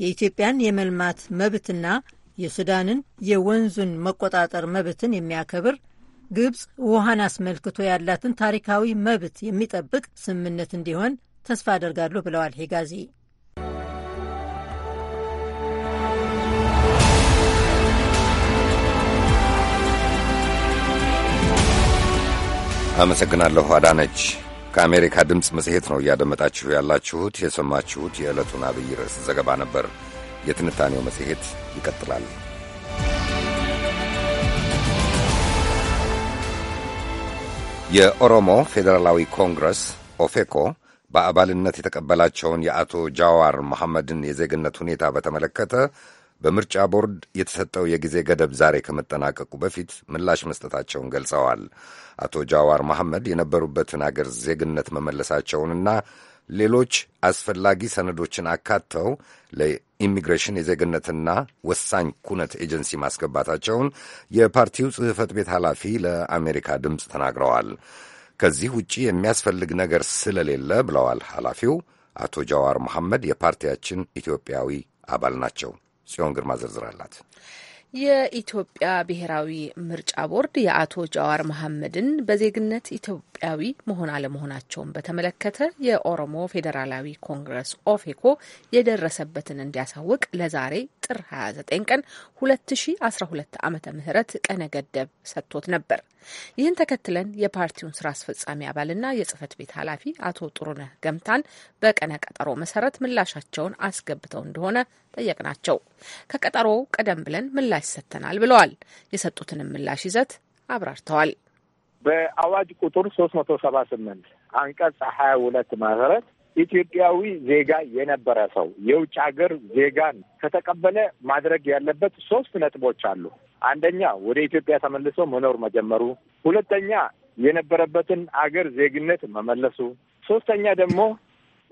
የኢትዮጵያን የመልማት መብትና የሱዳንን የወንዙን መቆጣጠር መብትን የሚያከብር ግብፅ ውሃን አስመልክቶ ያላትን ታሪካዊ መብት የሚጠብቅ ስምምነት እንዲሆን ተስፋ አደርጋለሁ ብለዋል ሄጋዚ። አመሰግናለሁ አዳነች። ከአሜሪካ ድምፅ መጽሔት ነው እያደመጣችሁ ያላችሁት። የሰማችሁት የዕለቱን አብይ ርዕስ ዘገባ ነበር። የትንታኔው መጽሔት ይቀጥላል። የኦሮሞ ፌዴራላዊ ኮንግረስ ኦፌኮ በአባልነት የተቀበላቸውን የአቶ ጃዋር መሐመድን የዜግነት ሁኔታ በተመለከተ በምርጫ ቦርድ የተሰጠው የጊዜ ገደብ ዛሬ ከመጠናቀቁ በፊት ምላሽ መስጠታቸውን ገልጸዋል። አቶ ጃዋር መሐመድ የነበሩበትን አገር ዜግነት መመለሳቸውንና ሌሎች አስፈላጊ ሰነዶችን አካተው ለኢሚግሬሽን የዜግነትና ወሳኝ ኩነት ኤጀንሲ ማስገባታቸውን የፓርቲው ጽሕፈት ቤት ኃላፊ ለአሜሪካ ድምፅ ተናግረዋል። ከዚህ ውጪ የሚያስፈልግ ነገር ስለሌለ ብለዋል ኃላፊው። አቶ ጃዋር መሐመድ የፓርቲያችን ኢትዮጵያዊ አባል ናቸው። ጽዮን ግርማ ዝርዝር አላት። የኢትዮጵያ ብሔራዊ ምርጫ ቦርድ የአቶ ጃዋር መሐመድን በዜግነት ኢትዮጵያዊ መሆን አለመሆናቸውን በተመለከተ የኦሮሞ ፌዴራላዊ ኮንግረስ ኦፌኮ የደረሰበትን እንዲያሳውቅ ለዛሬ ጥር 29 ቀን 2012 ዓ ም ቀነ ገደብ ሰጥቶት ነበር። ይህን ተከትለን የፓርቲውን ስራ አስፈጻሚ አባልና የጽህፈት ቤት ኃላፊ አቶ ጥሩነህ ገምታን በቀነ ቀጠሮ መሰረት ምላሻቸውን አስገብተው እንደሆነ ጠየቅናቸው። ከቀጠሮው ቀደም ብለን ምላሽ ሰጥተናል ብለዋል። የሰጡትንም ምላሽ ይዘት አብራርተዋል። በአዋጅ ቁጥር ሶስት መቶ ሰባ ስምንት አንቀጽ ሀያ ሁለት መሰረት ኢትዮጵያዊ ዜጋ የነበረ ሰው የውጭ ሀገር ዜጋን ከተቀበለ ማድረግ ያለበት ሶስት ነጥቦች አሉ። አንደኛ ወደ ኢትዮጵያ ተመልሶ መኖር መጀመሩ፣ ሁለተኛ የነበረበትን አገር ዜግነት መመለሱ፣ ሶስተኛ ደግሞ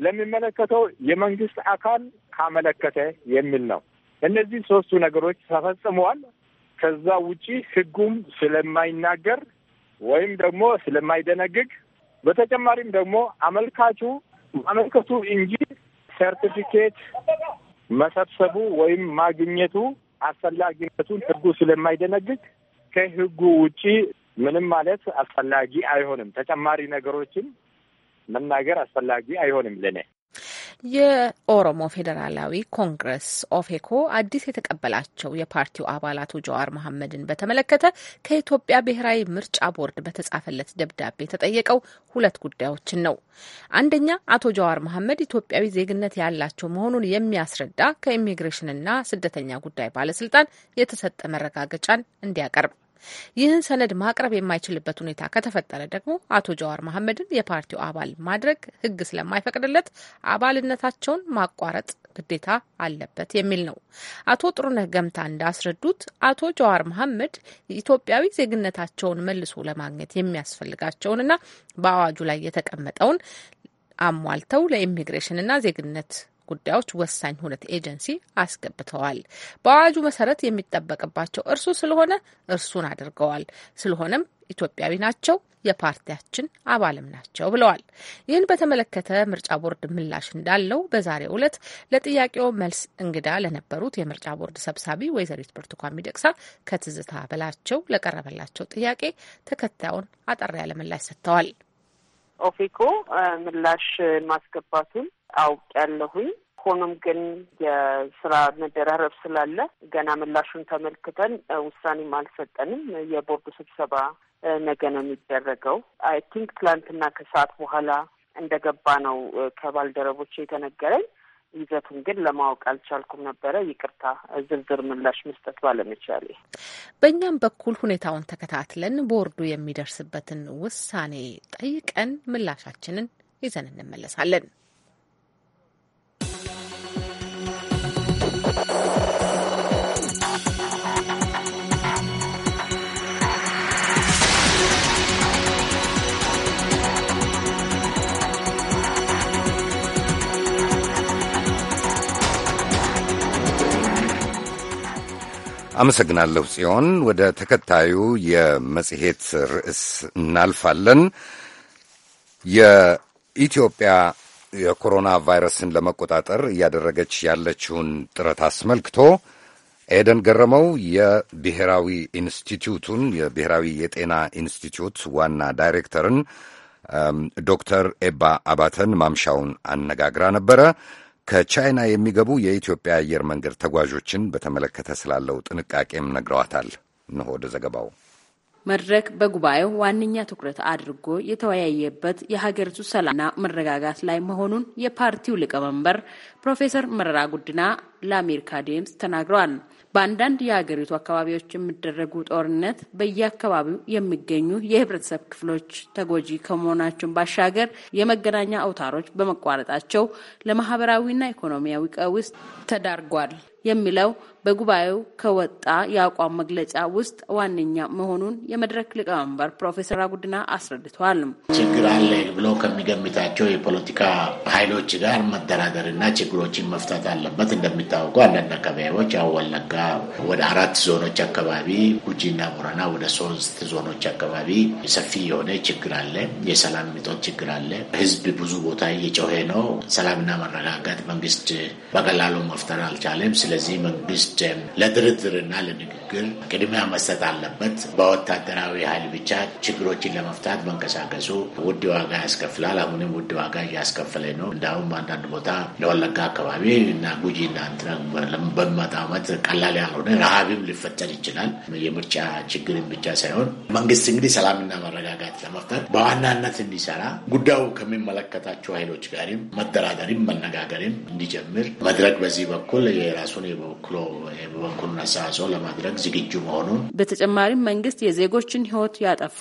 ለሚመለከተው የመንግስት አካል ካመለከተ የሚል ነው። እነዚህ ሶስቱ ነገሮች ተፈጽመዋል። ከዛ ውጪ ህጉም ስለማይናገር ወይም ደግሞ ስለማይደነግግ በተጨማሪም ደግሞ አመልካቹ ማመልከቱ እንጂ ሰርቲፊኬት መሰብሰቡ ወይም ማግኘቱ አስፈላጊነቱን ህጉ ስለማይደነግግ ከህጉ ውጪ ምንም ማለት አስፈላጊ አይሆንም። ተጨማሪ ነገሮችን መናገር አስፈላጊ አይሆንም ለኔ የኦሮሞ ፌዴራላዊ ኮንግረስ ኦፌኮ አዲስ የተቀበላቸው የፓርቲው አባል አቶ ጀዋር መሐመድን በተመለከተ ከኢትዮጵያ ብሔራዊ ምርጫ ቦርድ በተጻፈለት ደብዳቤ የተጠየቀው ሁለት ጉዳዮችን ነው። አንደኛ አቶ ጀዋር መሐመድ ኢትዮጵያዊ ዜግነት ያላቸው መሆኑን የሚያስረዳ ከኢሚግሬሽንና ስደተኛ ጉዳይ ባለስልጣን የተሰጠ መረጋገጫን እንዲያቀርብ ይህን ሰነድ ማቅረብ የማይችልበት ሁኔታ ከተፈጠረ ደግሞ አቶ ጀዋር መሐመድን የፓርቲው አባል ማድረግ ሕግ ስለማይፈቅድለት አባልነታቸውን ማቋረጥ ግዴታ አለበት የሚል ነው። አቶ ጥሩነህ ገምታ እንዳስረዱት አቶ ጀዋር መሐመድ ኢትዮጵያዊ ዜግነታቸውን መልሶ ለማግኘት የሚያስፈልጋቸውንና በአዋጁ ላይ የተቀመጠውን አሟልተው ለኢሚግሬሽንና ዜግነት ጉዳዮች ወሳኝ ሁነት ኤጀንሲ አስገብተዋል። በአዋጁ መሰረት የሚጠበቅባቸው እርሱ ስለሆነ እርሱን አድርገዋል። ስለሆነም ኢትዮጵያዊ ናቸው፣ የፓርቲያችን አባልም ናቸው ብለዋል። ይህን በተመለከተ ምርጫ ቦርድ ምላሽ እንዳለው በዛሬው ዕለት ለጥያቄው መልስ እንግዳ ለነበሩት የምርጫ ቦርድ ሰብሳቢ ወይዘሪት ብርቱካን ሚደቅሳ ከትዝታ በላቸው ለቀረበላቸው ጥያቄ ተከታዩን አጠር ያለ ምላሽ ሰጥተዋል። ኦፌኮ ምላሽ ማስገባቱን አውቅ ያለሁኝ ሆኖም ግን የስራ መደራረብ ስላለ ገና ምላሹን ተመልክተን ውሳኔም አልሰጠንም። የቦርዱ ስብሰባ ነገ ነው የሚደረገው። አይ ቲንክ ትላንትና ከሰዓት በኋላ እንደገባ ነው ከባልደረቦች የተነገረኝ። ይዘቱን ግን ለማወቅ አልቻልኩም ነበረ። ይቅርታ ዝርዝር ምላሽ መስጠት ባለመቻሌ። በእኛም በኩል ሁኔታውን ተከታትለን ቦርዱ የሚደርስበትን ውሳኔ ጠይቀን ምላሻችንን ይዘን እንመለሳለን። አመሰግናለሁ ጽዮን። ወደ ተከታዩ የመጽሔት ርዕስ እናልፋለን። የኢትዮጵያ የኮሮና ቫይረስን ለመቆጣጠር እያደረገች ያለችውን ጥረት አስመልክቶ ኤደን ገረመው የብሔራዊ ኢንስቲትዩቱን የብሔራዊ የጤና ኢንስቲትዩት ዋና ዳይሬክተርን ዶክተር ኤባ አባተን ማምሻውን አነጋግራ ነበረ። ከቻይና የሚገቡ የኢትዮጵያ አየር መንገድ ተጓዦችን በተመለከተ ስላለው ጥንቃቄም ነግረዋታል። እንሆ ወደ ዘገባው። መድረክ በጉባኤው ዋነኛ ትኩረት አድርጎ የተወያየበት የሀገሪቱ ሰላምና መረጋጋት ላይ መሆኑን የፓርቲው ሊቀመንበር ፕሮፌሰር መረራ ጉድና ለአሜሪካ ድምፅ ተናግረዋል። በአንዳንድ የሀገሪቱ አካባቢዎች የሚደረጉ ጦርነት በየአካባቢው የሚገኙ የህብረተሰብ ክፍሎች ተጎጂ ከመሆናቸውን ባሻገር የመገናኛ አውታሮች በመቋረጣቸው ለማህበራዊና ኢኮኖሚያዊ ቀውስ ተዳርጓል። የሚለው በጉባኤው ከወጣ የአቋም መግለጫ ውስጥ ዋነኛ መሆኑን የመድረክ ሊቀመንበር ፕሮፌሰር አጉድና አስረድተዋል። ችግር አለ ብሎ ከሚገምታቸው የፖለቲካ ኃይሎች ጋር መደራደር እና ችግሮችን መፍታት አለበት። እንደሚታወቀው አንዳንድ አካባቢዎች ወለጋ ወደ አራት ዞኖች አካባቢ፣ ጉጂና ቦረና ወደ ሶስት ዞኖች አካባቢ ሰፊ የሆነ ችግር አለ። የሰላም እጦት ችግር አለ። ህዝብ ብዙ ቦታ እየጮሄ ነው። ሰላምና መረጋጋት መንግስት በቀላሉ መፍጠር አልቻለም። ስለዚህ መንግስት ለድርድርና ለንግግር ግን ቅድሚያ መስጠት አለበት። በወታደራዊ ኃይል ብቻ ችግሮችን ለመፍታት መንቀሳቀሱ ውድ ዋጋ ያስከፍላል። አሁንም ውድ ዋጋ እያስከፈለ ነው። እንዳሁም አንዳንድ ቦታ ለወለጋ አካባቢ እና ጉጂ እና በመጣመት ቀላል ያልሆነ ረሃብም ሊፈጠር ይችላል። የምርጫ ችግርን ብቻ ሳይሆን መንግስት እንግዲህ ሰላምና መረጋጋት ለመፍታት በዋናነት እንዲሰራ ጉዳዩ ከሚመለከታቸው ኃይሎች ጋርም መደራደርም መነጋገርም እንዲጀምር መድረክ በዚህ በኩል የራሱን የበኩሉን አስተዋጽኦ ለማድረግ ዝግጁ መሆኑን በተጨማሪም መንግስት የዜጎችን ህይወት ያጠፉ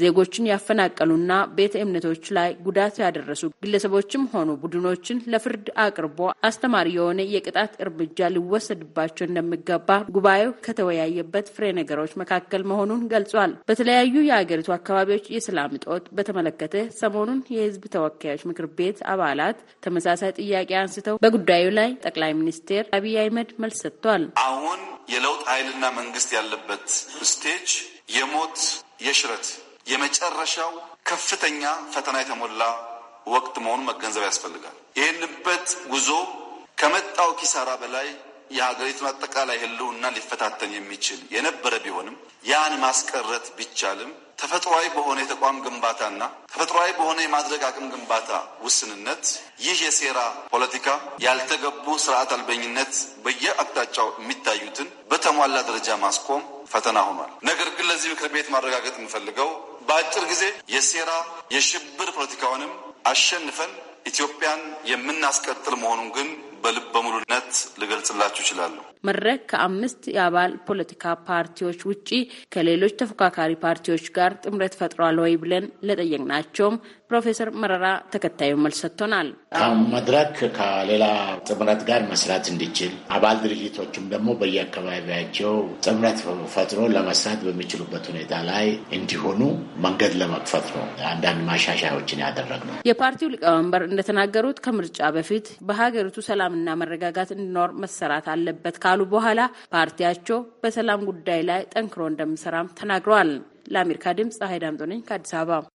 ዜጎችን ያፈናቀሉና ቤተ እምነቶች ላይ ጉዳት ያደረሱ ግለሰቦችም ሆኑ ቡድኖችን ለፍርድ አቅርቦ አስተማሪ የሆነ የቅጣት እርምጃ ሊወሰድባቸው እንደሚገባ ጉባኤው ከተወያየበት ፍሬ ነገሮች መካከል መሆኑን ገልጿል። በተለያዩ የአገሪቱ አካባቢዎች የሰላም እጦት በተመለከተ ሰሞኑን የሕዝብ ተወካዮች ምክር ቤት አባላት ተመሳሳይ ጥያቄ አንስተው በጉዳዩ ላይ ጠቅላይ ሚኒስትር አብይ አህመድ መልስ ሰጥቷል። አሁን የለውጥ ኃይልና መንግስት ያለበት ስቴጅ የሞት የሽረት የመጨረሻው ከፍተኛ ፈተና የተሞላ ወቅት መሆኑን መገንዘብ ያስፈልጋል። ይህንበት ጉዞ ከመጣው ኪሳራ በላይ የሀገሪቱን አጠቃላይ ሕልውና ሊፈታተን የሚችል የነበረ ቢሆንም ያን ማስቀረት ቢቻልም ተፈጥሯዊ በሆነ የተቋም ግንባታና ተፈጥሯዊ በሆነ የማድረግ አቅም ግንባታ ውስንነት ይህ የሴራ ፖለቲካ ያልተገቡ ስርዓት አልበኝነት በየአቅጣጫው የሚታዩትን በተሟላ ደረጃ ማስቆም ፈተና ሆኗል። ነገር ግን ለዚህ ምክር ቤት ማረጋገጥ የምፈልገው በአጭር ጊዜ የሴራ የሽብር ፖለቲካውንም አሸንፈን ኢትዮጵያን የምናስቀጥል መሆኑን ግን በልበ ሙሉነት ልገልጽላችሁ ይችላሉ። መድረክ ከአምስት የአባል ፖለቲካ ፓርቲዎች ውጪ ከሌሎች ተፎካካሪ ፓርቲዎች ጋር ጥምረት ፈጥሯል ወይ ብለን ለጠየቅናቸውም ፕሮፌሰር መረራ ተከታዩ መልስ ሰጥቶናል። መድረክ ከሌላ ጥምረት ጋር መስራት እንዲችል አባል ድርጅቶችም ደግሞ በየአካባቢያቸው ጥምረት ፈጥሮ ለመስራት በሚችሉበት ሁኔታ ላይ እንዲሆኑ መንገድ ለመክፈት ነው አንዳንድ ማሻሻያዎችን ያደረግነው። የፓርቲው ሊቀመንበር እንደተናገሩት ከምርጫ በፊት በሀገሪቱ ሰላምና መረጋጋት እንዲኖር መሰራት አለበት ካሉ በኋላ ፓርቲያቸው በሰላም ጉዳይ ላይ ጠንክሮ እንደሚሰራም ተናግረዋል። ለአሜሪካ ድምፅ ፀሐይ ዳምጦ ነኝ ከአዲስ አበባ።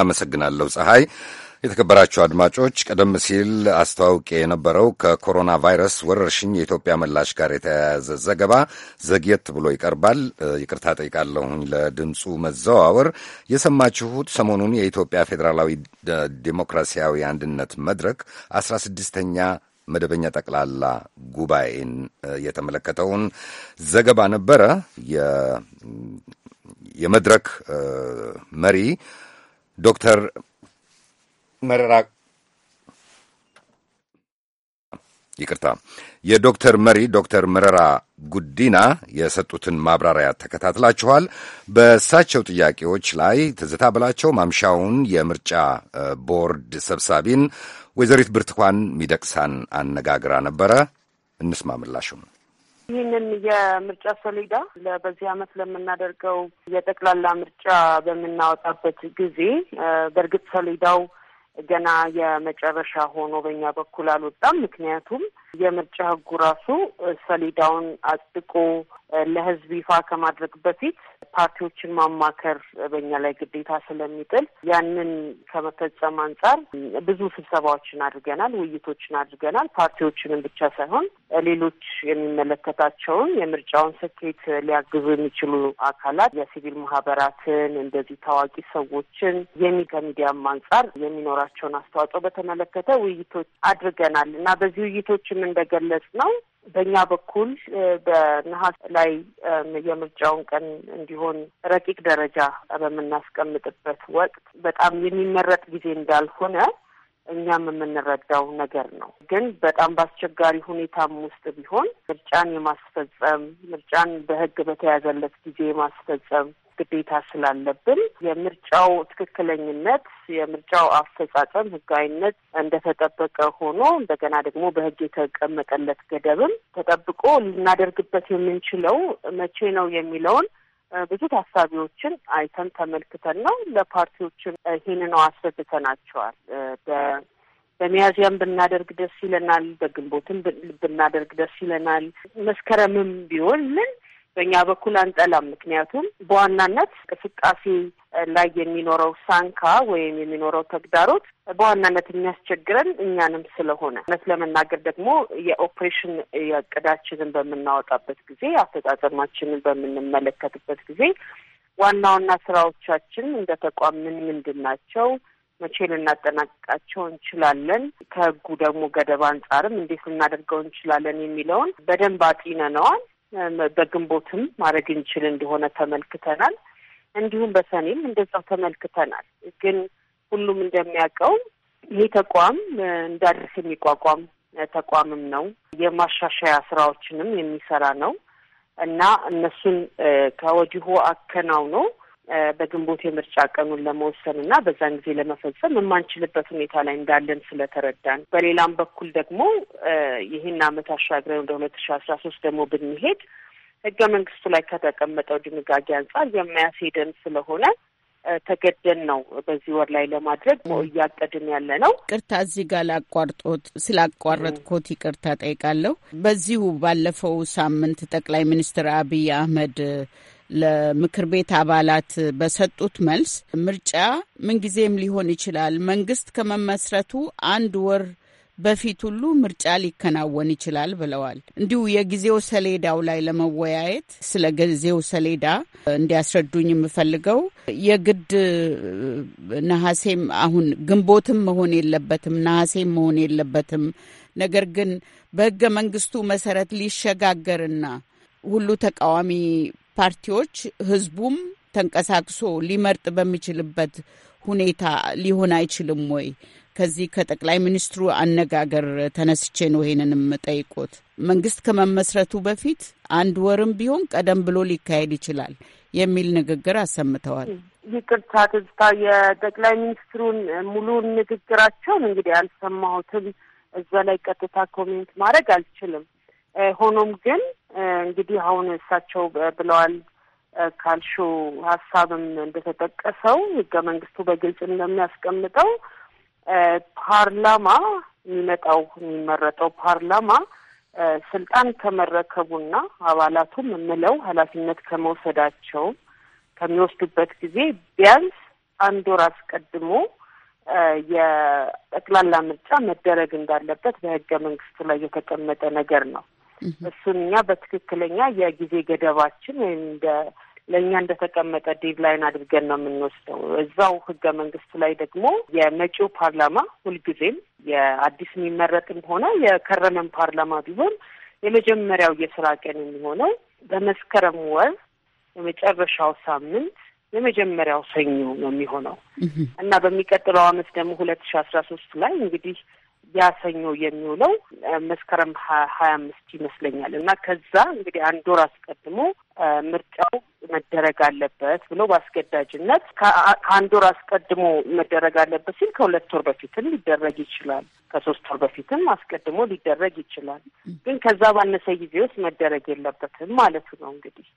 አመሰግናለሁ ፀሐይ። የተከበራችሁ አድማጮች ቀደም ሲል አስተዋውቄ የነበረው ከኮሮና ቫይረስ ወረርሽኝ የኢትዮጵያ ምላሽ ጋር የተያያዘ ዘገባ ዘግየት ብሎ ይቀርባል። ይቅርታ ጠይቃለሁኝ ለድምፁ መዘዋወር። የሰማችሁት ሰሞኑን የኢትዮጵያ ፌዴራላዊ ዴሞክራሲያዊ አንድነት መድረክ አስራ ስድስተኛ መደበኛ ጠቅላላ ጉባኤን የተመለከተውን ዘገባ ነበረ። የመድረክ መሪ ዶክተር መረራ ይቅርታ የዶክተር መሪ ዶክተር መረራ ጉዲና የሰጡትን ማብራሪያ ተከታትላችኋል። በእሳቸው ጥያቄዎች ላይ ትዝታ ብላቸው ማምሻውን የምርጫ ቦርድ ሰብሳቢን ወይዘሪት ብርትኳን ሚደቅሳን አነጋግራ ነበረ። እንስማ ይህንን የምርጫ ሰሌዳ በዚህ ዓመት ለምናደርገው የጠቅላላ ምርጫ በምናወጣበት ጊዜ በእርግጥ ሰሌዳው ገና የመጨረሻ ሆኖ በእኛ በኩል አልወጣም። ምክንያቱም የምርጫ ህጉ ራሱ ሰሌዳውን አጽድቆ ለህዝብ ይፋ ከማድረግ በፊት ፓርቲዎችን ማማከር በኛ ላይ ግዴታ ስለሚጥል ያንን ከመፈጸም አንጻር ብዙ ስብሰባዎችን አድርገናል፣ ውይይቶችን አድርገናል። ፓርቲዎችንም ብቻ ሳይሆን ሌሎች የሚመለከታቸውን የምርጫውን ስኬት ሊያግዙ የሚችሉ አካላት የሲቪል ማህበራትን፣ እንደዚህ ታዋቂ ሰዎችን የሚ ከሚዲያም አንጻር የሚኖራቸውን አስተዋጽኦ በተመለከተ ውይይቶች አድርገናል እና በዚህ ውይይቶች ቅድም እንደገለጽ ነው በእኛ በኩል በነሀስ ላይ የምርጫውን ቀን እንዲሆን ረቂቅ ደረጃ በምናስቀምጥበት ወቅት በጣም የሚመረጥ ጊዜ እንዳልሆነ እኛም የምንረዳው ነገር ነው። ግን በጣም በአስቸጋሪ ሁኔታም ውስጥ ቢሆን ምርጫን የማስፈጸም ምርጫን በሕግ በተያዘለት ጊዜ የማስፈጸም ግዴታ ስላለብን የምርጫው ትክክለኝነት፣ የምርጫው አፈጻጸም ህጋዊነት እንደተጠበቀ ሆኖ እንደገና ደግሞ በህግ የተቀመጠለት ገደብም ተጠብቆ ልናደርግበት የምንችለው መቼ ነው የሚለውን ብዙ ታሳቢዎችን አይተን ተመልክተን ነው። ለፓርቲዎችም ይህንነው አስረድተናቸዋል። በሚያዚያም ብናደርግ ደስ ይለናል፣ በግንቦትም ብናደርግ ደስ ይለናል፣ መስከረምም ቢሆን ምን በእኛ በኩል አንጠላም። ምክንያቱም በዋናነት እንቅስቃሴ ላይ የሚኖረው ሳንካ ወይም የሚኖረው ተግዳሮት በዋናነት የሚያስቸግረን እኛንም ስለሆነ እውነት ለመናገር ደግሞ የኦፕሬሽን እቅዳችንን በምናወጣበት ጊዜ አፈጻጸማችንን በምንመለከትበት ጊዜ ዋና ዋና ስራዎቻችን እንደ ተቋም ምን ምንድን ናቸው? መቼ ልናጠናቅቃቸው እንችላለን? ከህጉ ደግሞ ገደብ አንጻርም እንዴት ልናደርገው እንችላለን የሚለውን በደንብ አጢነነዋል። በግንቦትም ማድረግ እንችል እንደሆነ ተመልክተናል። እንዲሁም በሰኔም እንደዛው ተመልክተናል። ግን ሁሉም እንደሚያውቀው ይህ ተቋም እንደ አዲስ የሚቋቋም ተቋምም ነው። የማሻሻያ ስራዎችንም የሚሰራ ነው እና እነሱን ከወዲሁ አከናውኖ በግንቦት የምርጫ ቀኑን ለመወሰን እና በዛን ጊዜ ለመፈጸም የማንችልበት ሁኔታ ላይ እንዳለን ስለተረዳን፣ በሌላም በኩል ደግሞ ይህን አመት አሻግረን ወደ ሁለት ሺ አስራ ሶስት ደግሞ ብንሄድ ህገ መንግስቱ ላይ ከተቀመጠው ድንጋጌ አንጻር የማያስሄደን ስለሆነ ተገደን ነው በዚህ ወር ላይ ለማድረግ እያቀድን ያለ ነው። ቅርታ እዚህ ጋር ላቋርጦት ስላቋረጥኮት ይቅርታ ጠይቃለሁ። በዚሁ ባለፈው ሳምንት ጠቅላይ ሚኒስትር አብይ አህመድ ለምክር ቤት አባላት በሰጡት መልስ ምርጫ ምንጊዜም ሊሆን ይችላል፣ መንግስት ከመመስረቱ አንድ ወር በፊት ሁሉ ምርጫ ሊከናወን ይችላል ብለዋል። እንዲሁ የጊዜው ሰሌዳው ላይ ለመወያየት ስለ ጊዜው ሰሌዳ እንዲያስረዱኝ የምፈልገው የግድ ነሐሴም አሁን ግንቦትም መሆን የለበትም ነሐሴም መሆን የለበትም። ነገር ግን በህገ መንግስቱ መሰረት ሊሸጋገርና ሁሉ ተቃዋሚ ፓርቲዎች ህዝቡም ተንቀሳቅሶ ሊመርጥ በሚችልበት ሁኔታ ሊሆን አይችልም ወይ? ከዚህ ከጠቅላይ ሚኒስትሩ አነጋገር ተነስቼ ነው ይሄንንም ጠይቆት። መንግስት ከመመስረቱ በፊት አንድ ወርም ቢሆን ቀደም ብሎ ሊካሄድ ይችላል የሚል ንግግር አሰምተዋል። ይቅርታ ትዝታ፣ የጠቅላይ ሚኒስትሩን ሙሉን ንግግራቸውን እንግዲህ አልሰማሁትም። እዛ ላይ ቀጥታ ኮሜንት ማድረግ አልችልም። ሆኖም ግን እንግዲህ አሁን እሳቸው ብለዋል ካልሹ ሀሳብም እንደተጠቀሰው ህገ መንግስቱ በግልጽ እንደሚያስቀምጠው ፓርላማ የሚመጣው የሚመረጠው ፓርላማ ስልጣን ከመረከቡና አባላቱም የምለው ኃላፊነት ከመውሰዳቸው ከሚወስዱበት ጊዜ ቢያንስ አንድ ወር አስቀድሞ የጠቅላላ ምርጫ መደረግ እንዳለበት በህገ መንግስቱ ላይ የተቀመጠ ነገር ነው። እሱን እኛ በትክክለኛ የጊዜ ገደባችን እንደ ለእኛ እንደተቀመጠ ዴድላይን አድርገን ነው የምንወስደው። እዛው ህገ መንግስቱ ላይ ደግሞ የመጪው ፓርላማ ሁልጊዜም የአዲስ የሚመረጥም ሆነ የከረመን ፓርላማ ቢሆን የመጀመሪያው የስራ ቀን የሚሆነው በመስከረም ወር የመጨረሻው ሳምንት የመጀመሪያው ሰኞ ነው የሚሆነው እና በሚቀጥለው አመት ደግሞ ሁለት ሺ አስራ ሶስት ላይ እንግዲህ ያ ሰኞ የሚውለው መስከረም ሀያ አምስት ይመስለኛል እና ከዛ እንግዲህ አንድ ወር አስቀድሞ ምርጫው መደረግ አለበት ብሎ በአስገዳጅነት ከአንድ ወር አስቀድሞ መደረግ አለበት ሲል ከሁለት ወር በፊትም ሊደረግ ይችላል። ከሶስት ወር በፊትም አስቀድሞ ሊደረግ ይችላል። ግን ከዛ ባነሰ ጊዜ ውስጥ መደረግ የለበትም ማለት ነው እንግዲህ።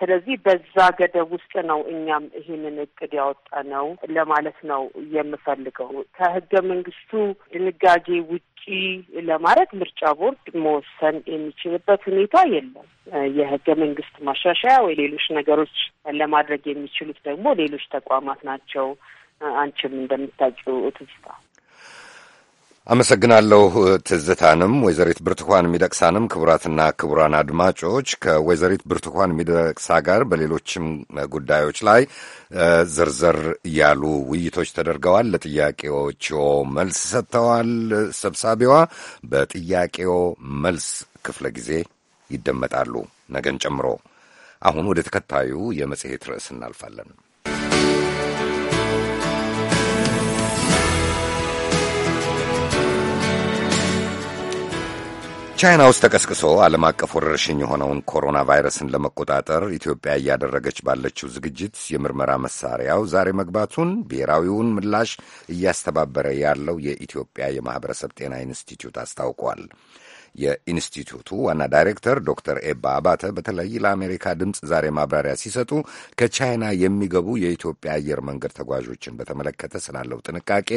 ስለዚህ በዛ ገደብ ውስጥ ነው እኛም ይህንን እቅድ ያወጣ ነው ለማለት ነው የምፈልገው ከህገ መንግስቱ ድንጋጌ ውጭ ውጪ ለማድረግ ምርጫ ቦርድ መወሰን የሚችልበት ሁኔታ የለም። የህገ መንግስት ማሻሻያ ወይ ሌሎች ነገሮች ለማድረግ የሚችሉት ደግሞ ሌሎች ተቋማት ናቸው። አንቺም እንደምታውቂው ትዝታ አመሰግናለሁ ትዝታንም ወይዘሪት ብርቱካን ሚደቅሳንም። ክቡራትና ክቡራን አድማጮች ከወይዘሪት ብርቱካን ሚደቅሳ ጋር በሌሎችም ጉዳዮች ላይ ዝርዝር ያሉ ውይይቶች ተደርገዋል። ለጥያቄዎች መልስ ሰጥተዋል። ሰብሳቢዋ በጥያቄዎ መልስ ክፍለ ጊዜ ይደመጣሉ፣ ነገን ጨምሮ። አሁን ወደ ተከታዩ የመጽሔት ርዕስ እናልፋለን። ቻይና ውስጥ ተቀስቅሶ ዓለም አቀፍ ወረርሽኝ የሆነውን ኮሮና ቫይረስን ለመቆጣጠር ኢትዮጵያ እያደረገች ባለችው ዝግጅት የምርመራ መሳሪያው ዛሬ መግባቱን ብሔራዊውን ምላሽ እያስተባበረ ያለው የኢትዮጵያ የማኅበረሰብ ጤና ኢንስቲትዩት አስታውቋል። የኢንስቲትዩቱ ዋና ዳይሬክተር ዶክተር ኤባ አባተ በተለይ ለአሜሪካ ድምፅ ዛሬ ማብራሪያ ሲሰጡ ከቻይና የሚገቡ የኢትዮጵያ አየር መንገድ ተጓዦችን በተመለከተ ስላለው ጥንቃቄ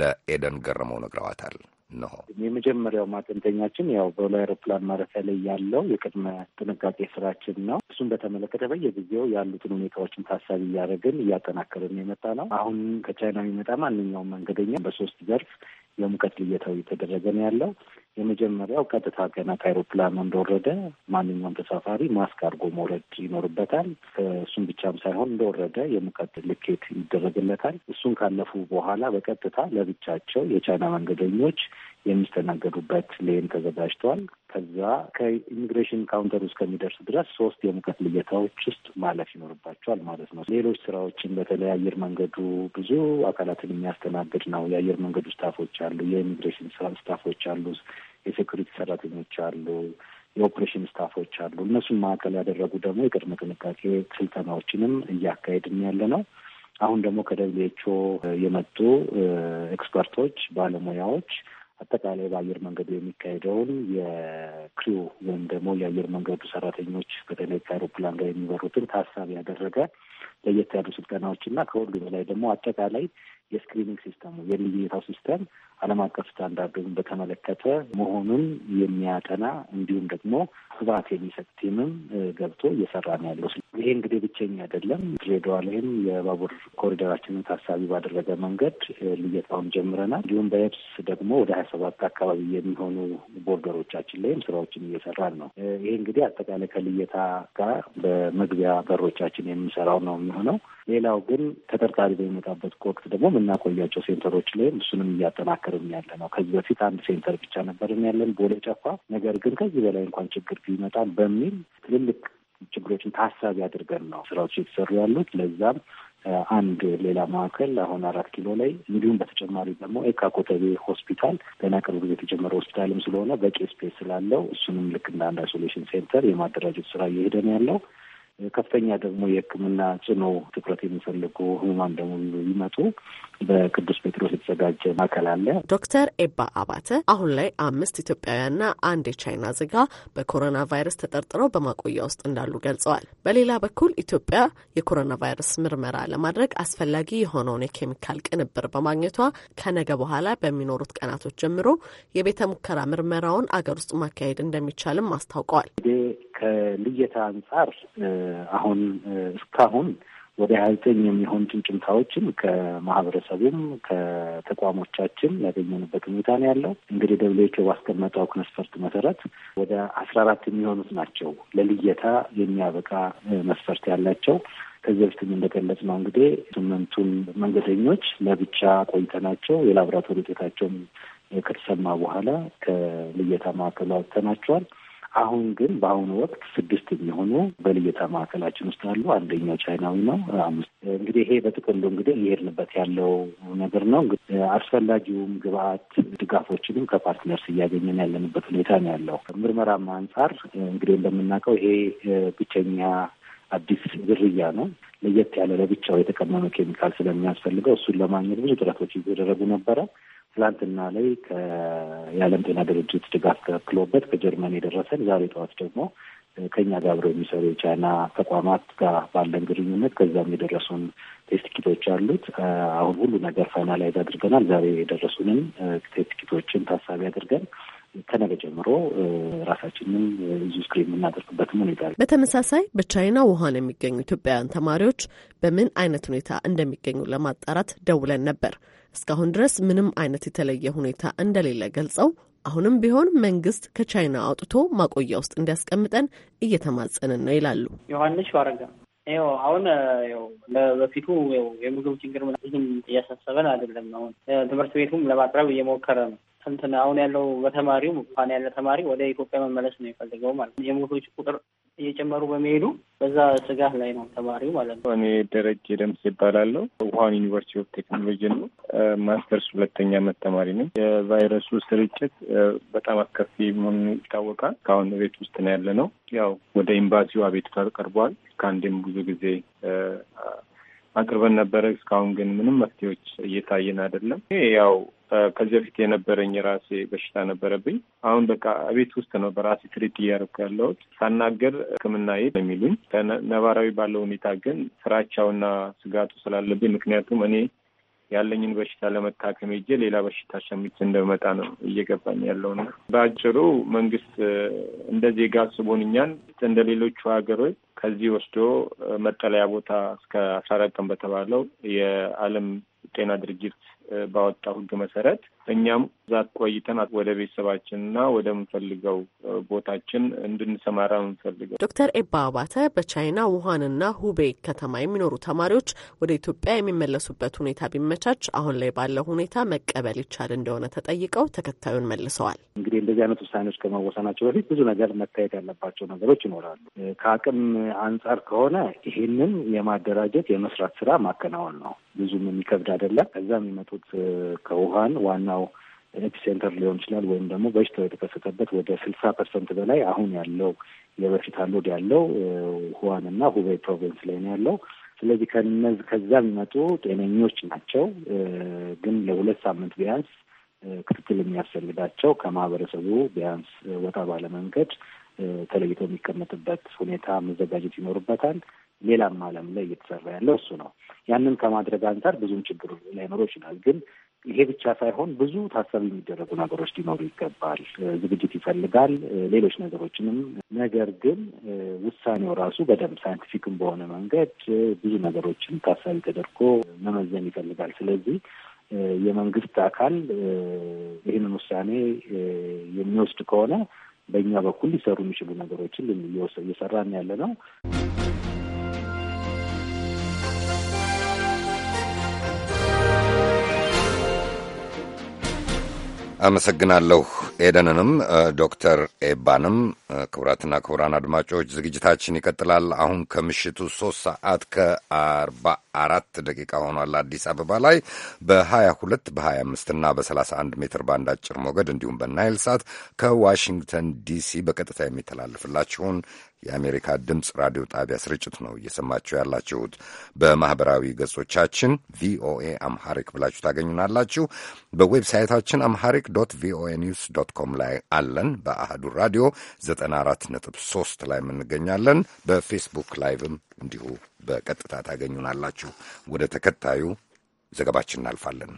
ለኤደን ገረመው ነግረዋታል። ነው። የመጀመሪያው ማጠንጠኛችን ያው በሎ አይሮፕላን ማረፊያ ላይ ያለው የቅድመ ጥንቃቄ ስራችን ነው። እሱን በተመለከተ በየጊዜው ያሉትን ሁኔታዎችን ታሳቢ እያደረግን እያጠናከርን የመጣ ነው። አሁን ከቻይና የሚመጣ ማንኛውም መንገደኛ በሶስት ዘርፍ የሙቀት ልየታው እየተደረገ ነው ያለው። የመጀመሪያው ቀጥታ ገና ከአይሮፕላኑ እንደወረደ ማንኛውም ተሳፋሪ ማስክ አድርጎ መውረድ ይኖርበታል። እሱም ብቻም ሳይሆን እንደወረደ የሙቀት ልኬት ይደረግለታል። እሱን ካለፉ በኋላ በቀጥታ ለብቻቸው የቻይና መንገደኞች የሚስተናገዱበት ሌን ተዘጋጅቷል። ከዛ ከኢሚግሬሽን ካውንተር ውስጥ ከሚደርሱ ድረስ ሶስት የሙቀት ልየታዎች ውስጥ ማለፍ ይኖርባቸዋል ማለት ነው። ሌሎች ስራዎችን በተለይ አየር መንገዱ ብዙ አካላትን የሚያስተናግድ ነው። የአየር መንገዱ ስታፎች አሉ፣ የኢሚግሬሽን ስታፎች አሉ፣ የሴኩሪቲ ሰራተኞች አሉ የኦፕሬሽን ስታፎች አሉ። እነሱን ማዕከል ያደረጉ ደግሞ የቅድመ ጥንቃቄ ስልጠናዎችንም እያካሄድን ያለ ነው። አሁን ደግሞ ከደብሌቾ የመጡ ኤክስፐርቶች ባለሙያዎች አጠቃላይ በአየር መንገዱ የሚካሄደውን የክሪው ወይም ደግሞ የአየር መንገዱ ሰራተኞች በተለይ ከአይሮፕላን ጋር የሚበሩትን ታሳቢ ያደረገ ለየት ያሉ ስልጠናዎች እና ከሁሉ በላይ ደግሞ አጠቃላይ የስክሪኒንግ ሲስተሙ የልየታው ሲስተም ዓለም አቀፍ ስታንዳርዱን በተመለከተ መሆኑን የሚያጠና እንዲሁም ደግሞ ግብዓት የሚሰጥ ቲምም ገብቶ እየሰራ ነው ያለው። ይሄ እንግዲህ ብቸኛ አይደለም። ድሬዳዋ ላይም የባቡር ኮሪደራችንን ታሳቢ ባደረገ መንገድ ልየታውን ጀምረናል። እንዲሁም በየብስ ደግሞ ወደ ሀያ ሰባት አካባቢ የሚሆኑ ቦርደሮቻችን ላይም ስራዎችን እየሰራን ነው። ይሄ እንግዲህ አጠቃላይ ከልየታ ጋር በመግቢያ በሮቻችን የምንሰራው ነው የሚሆነው። ሌላው ግን ተጠርጣሪ በሚመጣበት ወቅት ደግሞ የምናቆያቸው ሴንተሮች ላይም እሱንም እያጠናከ ሴንተርም ያለ ነው። ከዚህ በፊት አንድ ሴንተር ብቻ ነበርም ያለን ቦሌ ጨፋ። ነገር ግን ከዚህ በላይ እንኳን ችግር ቢመጣም በሚል ትልልቅ ችግሮችን ታሳቢ አድርገን ነው ስራዎች የተሰሩ ያሉት። ለዛም አንድ ሌላ ማዕከል አሁን አራት ኪሎ ላይ እንዲሁም በተጨማሪ ደግሞ ኤካ ኮተቤ ሆስፒታል ገና ቅርብ ጊዜ የተጀመረ ሆስፒታልም ስለሆነ በቂ ስፔስ ስላለው እሱንም ልክ እንደ አንድ አይሶሌሽን ሴንተር የማደራጀት ስራ እየሄደ ነው ያለው። ከፍተኛ ደግሞ የሕክምና ጽኖ ትኩረት የሚፈልጉ ህሙማን ደግሞ ይመጡ በቅዱስ ጴጥሮስ የተዘጋጀ ማዕከል አለ። ዶክተር ኤባ አባተ አሁን ላይ አምስት ኢትዮጵያውያንና አንድ የቻይና ዜጋ በኮሮና ቫይረስ ተጠርጥረው በማቆያ ውስጥ እንዳሉ ገልጸዋል። በሌላ በኩል ኢትዮጵያ የኮሮና ቫይረስ ምርመራ ለማድረግ አስፈላጊ የሆነውን የኬሚካል ቅንብር በማግኘቷ ከነገ በኋላ በሚኖሩት ቀናቶች ጀምሮ የቤተ ሙከራ ምርመራውን አገር ውስጥ ማካሄድ እንደሚቻልም አስታውቀዋል። ከልየታ አንጻር አሁን እስካሁን ወደ ሀያ ዘጠኝ የሚሆኑ ጭምጭምታዎችን ከማህበረሰቡም ከተቋሞቻችን ያገኘንበት ሁኔታ ነው ያለው። እንግዲህ ደብሌቾ ባስቀመጠው መስፈርት መሰረት ወደ አስራ አራት የሚሆኑት ናቸው ለልየታ የሚያበቃ መስፈርት ያላቸው። ከዚህ በፊትም እንደገለጽ ነው እንግዲህ ስምንቱን መንገደኞች ለብቻ ቆይተናቸው የላቦራቶሪ ውጤታቸውም ከተሰማ በኋላ ከልየታ ማዕከሉ አውጥተናቸዋል። አሁን ግን በአሁኑ ወቅት ስድስት የሚሆኑ በልየታ ማዕከላችን ውስጥ አሉ። አንደኛው ቻይናዊ ነው። አምስት እንግዲህ ይሄ በጥቅሉ እንግዲህ እየሄድንበት ያለው ነገር ነው። አስፈላጊውም ግብአት ድጋፎችንም ከፓርትነርስ እያገኘን ያለንበት ሁኔታ ነው ያለው። ምርመራም አንጻር እንግዲህ እንደምናውቀው ይሄ ብቸኛ አዲስ ዝርያ ነው። ለየት ያለ ለብቻው የተቀመመ ኬሚካል ስለሚያስፈልገው እሱን ለማግኘት ብዙ ጥረቶች እየተደረጉ ነበረ። ትላንትና ላይ ከየዓለም ጤና ድርጅት ድጋፍ ተክሎበት ከጀርመን የደረሰን ዛሬ ጠዋት ደግሞ ከኛ ጋር አብረው የሚሰሩ የቻይና ተቋማት ጋር ባለን ግንኙነት ከዛም የደረሱን ቴስት ኪቶች አሉት። አሁን ሁሉ ነገር ፋይናላይዝ አድርገናል። ዛሬ የደረሱንም ቴስት ኪቶችን ታሳቢ አድርገን ከነገ ጀምሮ ራሳችንን እዙ ስክሪን የምናደርግበትም ሁኔታ አለ። በተመሳሳይ በቻይና ውሃን የሚገኙ ኢትዮጵያውያን ተማሪዎች በምን አይነት ሁኔታ እንደሚገኙ ለማጣራት ደውለን ነበር። እስካሁን ድረስ ምንም አይነት የተለየ ሁኔታ እንደሌለ ገልጸው አሁንም ቢሆን መንግስት ከቻይና አውጥቶ ማቆያ ውስጥ እንዲያስቀምጠን እየተማጸንን ነው ይላሉ። ዮሐንስ ባረጋ ይኸው አሁን ይኸው በፊቱ የምግብ ችግር ምናምን እያሳሰበን አይደለም። አሁን ትምህርት ቤቱም ለማቅረብ እየሞከረ ነው። እንትን አሁን ያለው በተማሪው ፋና ያለ ተማሪ ወደ ኢትዮጵያ መመለስ ነው የፈልገው ማለት ነው። የሞቶች ቁጥር እየጨመሩ በመሄዱ በዛ ስጋት ላይ ነው ተማሪው ማለት ነው። እኔ ደረጀ ደምስ ይባላለሁ። ውሃን ዩኒቨርሲቲ ኦፍ ቴክኖሎጂ ነው። ማስተርስ ሁለተኛ ዓመት ተማሪ ነው። የቫይረሱ ስርጭት በጣም አስከፊ መሆኑ ይታወቃል። ከአሁን ቤት ውስጥ ነው ያለ ነው። ያው ወደ ኤምባሲው አቤቱታ ቀርቧል። ከአንድም ብዙ ጊዜ አቅርበን ነበረ። እስካሁን ግን ምንም መፍትሄዎች እየታየን አይደለም። ይሄ ያው ከዚህ በፊት የነበረኝ ራሴ በሽታ ነበረብኝ። አሁን በቃ ቤት ውስጥ ነው በራሴ ትሪት እያደረኩ ያለሁት። ሳናገር ሕክምና የት የሚሉኝ ነባራዊ ባለው ሁኔታ ግን ፍራቻውና ስጋቱ ስላለብኝ ምክንያቱም እኔ ያለኝን በሽታ ለመታከም ሄጄ ሌላ በሽታ ሸምቼ እንደመጣ ነው እየገባኝ ያለው ያለውና በአጭሩ መንግስት እንደ ዜጋ አስቦን እኛን እንደ ሌሎቹ ሀገሮች ከዚህ ወስዶ መጠለያ ቦታ እስከ አስራ አራት ቀን በተባለው የዓለም ጤና ድርጅት ባወጣው ህግ መሰረት እኛም ዛት ቆይተን ወደ ቤተሰባችንና ወደምንፈልገው ቦታችን እንድንሰማራ ምንፈልገው። ዶክተር ኤባ አባተ በቻይና ውሃንና ሁቤ ከተማ የሚኖሩ ተማሪዎች ወደ ኢትዮጵያ የሚመለሱበት ሁኔታ ቢመቻች አሁን ላይ ባለው ሁኔታ መቀበል ይቻል እንደሆነ ተጠይቀው ተከታዩን መልሰዋል። እንግዲህ እንደዚህ አይነት ውሳኔዎች ከመወሰናቸው በፊት ብዙ ነገር መታየት ያለባቸው ነገሮች ይኖራሉ። ከአቅም አንጻር ከሆነ ይህንን የማደራጀት የመስራት ስራ ማከናወን ነው። ብዙም የሚከብድ አይደለም። ከዛ የሚመጡት ከውሃን ዋና ዋናው ኤፒሴንተር ሊሆን ይችላል ወይም ደግሞ በሽታው የተከሰተበት ወደ ስልሳ ፐርሰንት በላይ አሁን ያለው የበሽታ ሎድ ያለው ሁዋን እና ሁቤ ፕሮቪንስ ላይ ነው ያለው። ስለዚህ ከነዚህ ከዛ የሚመጡ ጤነኞች ናቸው፣ ግን ለሁለት ሳምንት ቢያንስ ክትትል የሚያስፈልጋቸው ከማህበረሰቡ ቢያንስ ወጣ ባለመንገድ ተለይቶ የሚቀመጥበት ሁኔታ መዘጋጀት ይኖርበታል። ሌላም ዓለም ላይ እየተሰራ ያለው እሱ ነው። ያንን ከማድረግ አንጻር ብዙም ችግር ላይኖሮ ይችላል፣ ግን ይሄ ብቻ ሳይሆን ብዙ ታሳቢ የሚደረጉ ነገሮች ሊኖሩ ይገባል። ዝግጅት ይፈልጋል፣ ሌሎች ነገሮችንም። ነገር ግን ውሳኔው ራሱ በደንብ ሳይንቲፊክም በሆነ መንገድ ብዙ ነገሮችን ታሳቢ ተደርጎ መመዘን ይፈልጋል። ስለዚህ የመንግስት አካል ይህንን ውሳኔ የሚወስድ ከሆነ በእኛ በኩል ሊሰሩ የሚችሉ ነገሮችን እየሰራን ያለ ነው። አመሰግናለሁ ኤደንንም ዶክተር ኤባንም። ክቡራትና ክቡራን አድማጮች ዝግጅታችን ይቀጥላል። አሁን ከምሽቱ ሶስት ሰዓት ከአርባ አራት ደቂቃ ሆኗል። አዲስ አበባ ላይ በ22 በ25 እና በ31 ሜትር ባንድ አጭር ሞገድ እንዲሁም በናይል ሳት ከዋሽንግተን ዲሲ በቀጥታ የሚተላልፍላችሁን የአሜሪካ ድምፅ ራዲዮ ጣቢያ ስርጭት ነው እየሰማችሁ ያላችሁት። በማኅበራዊ ገጾቻችን ቪኦኤ አምሐሪክ ብላችሁ ታገኙናላችሁ። በዌብሳይታችን አምሐሪክ ዶት ቪኦኤ ኒውስ ዶት ኮም ላይ አለን። በአህዱ ራዲዮ 94.3 ላይ የምንገኛለን። በፌስቡክ ላይቭም እንዲሁ በቀጥታ ታገኙናላችሁ። ወደ ተከታዩ ዘገባችን እናልፋለን።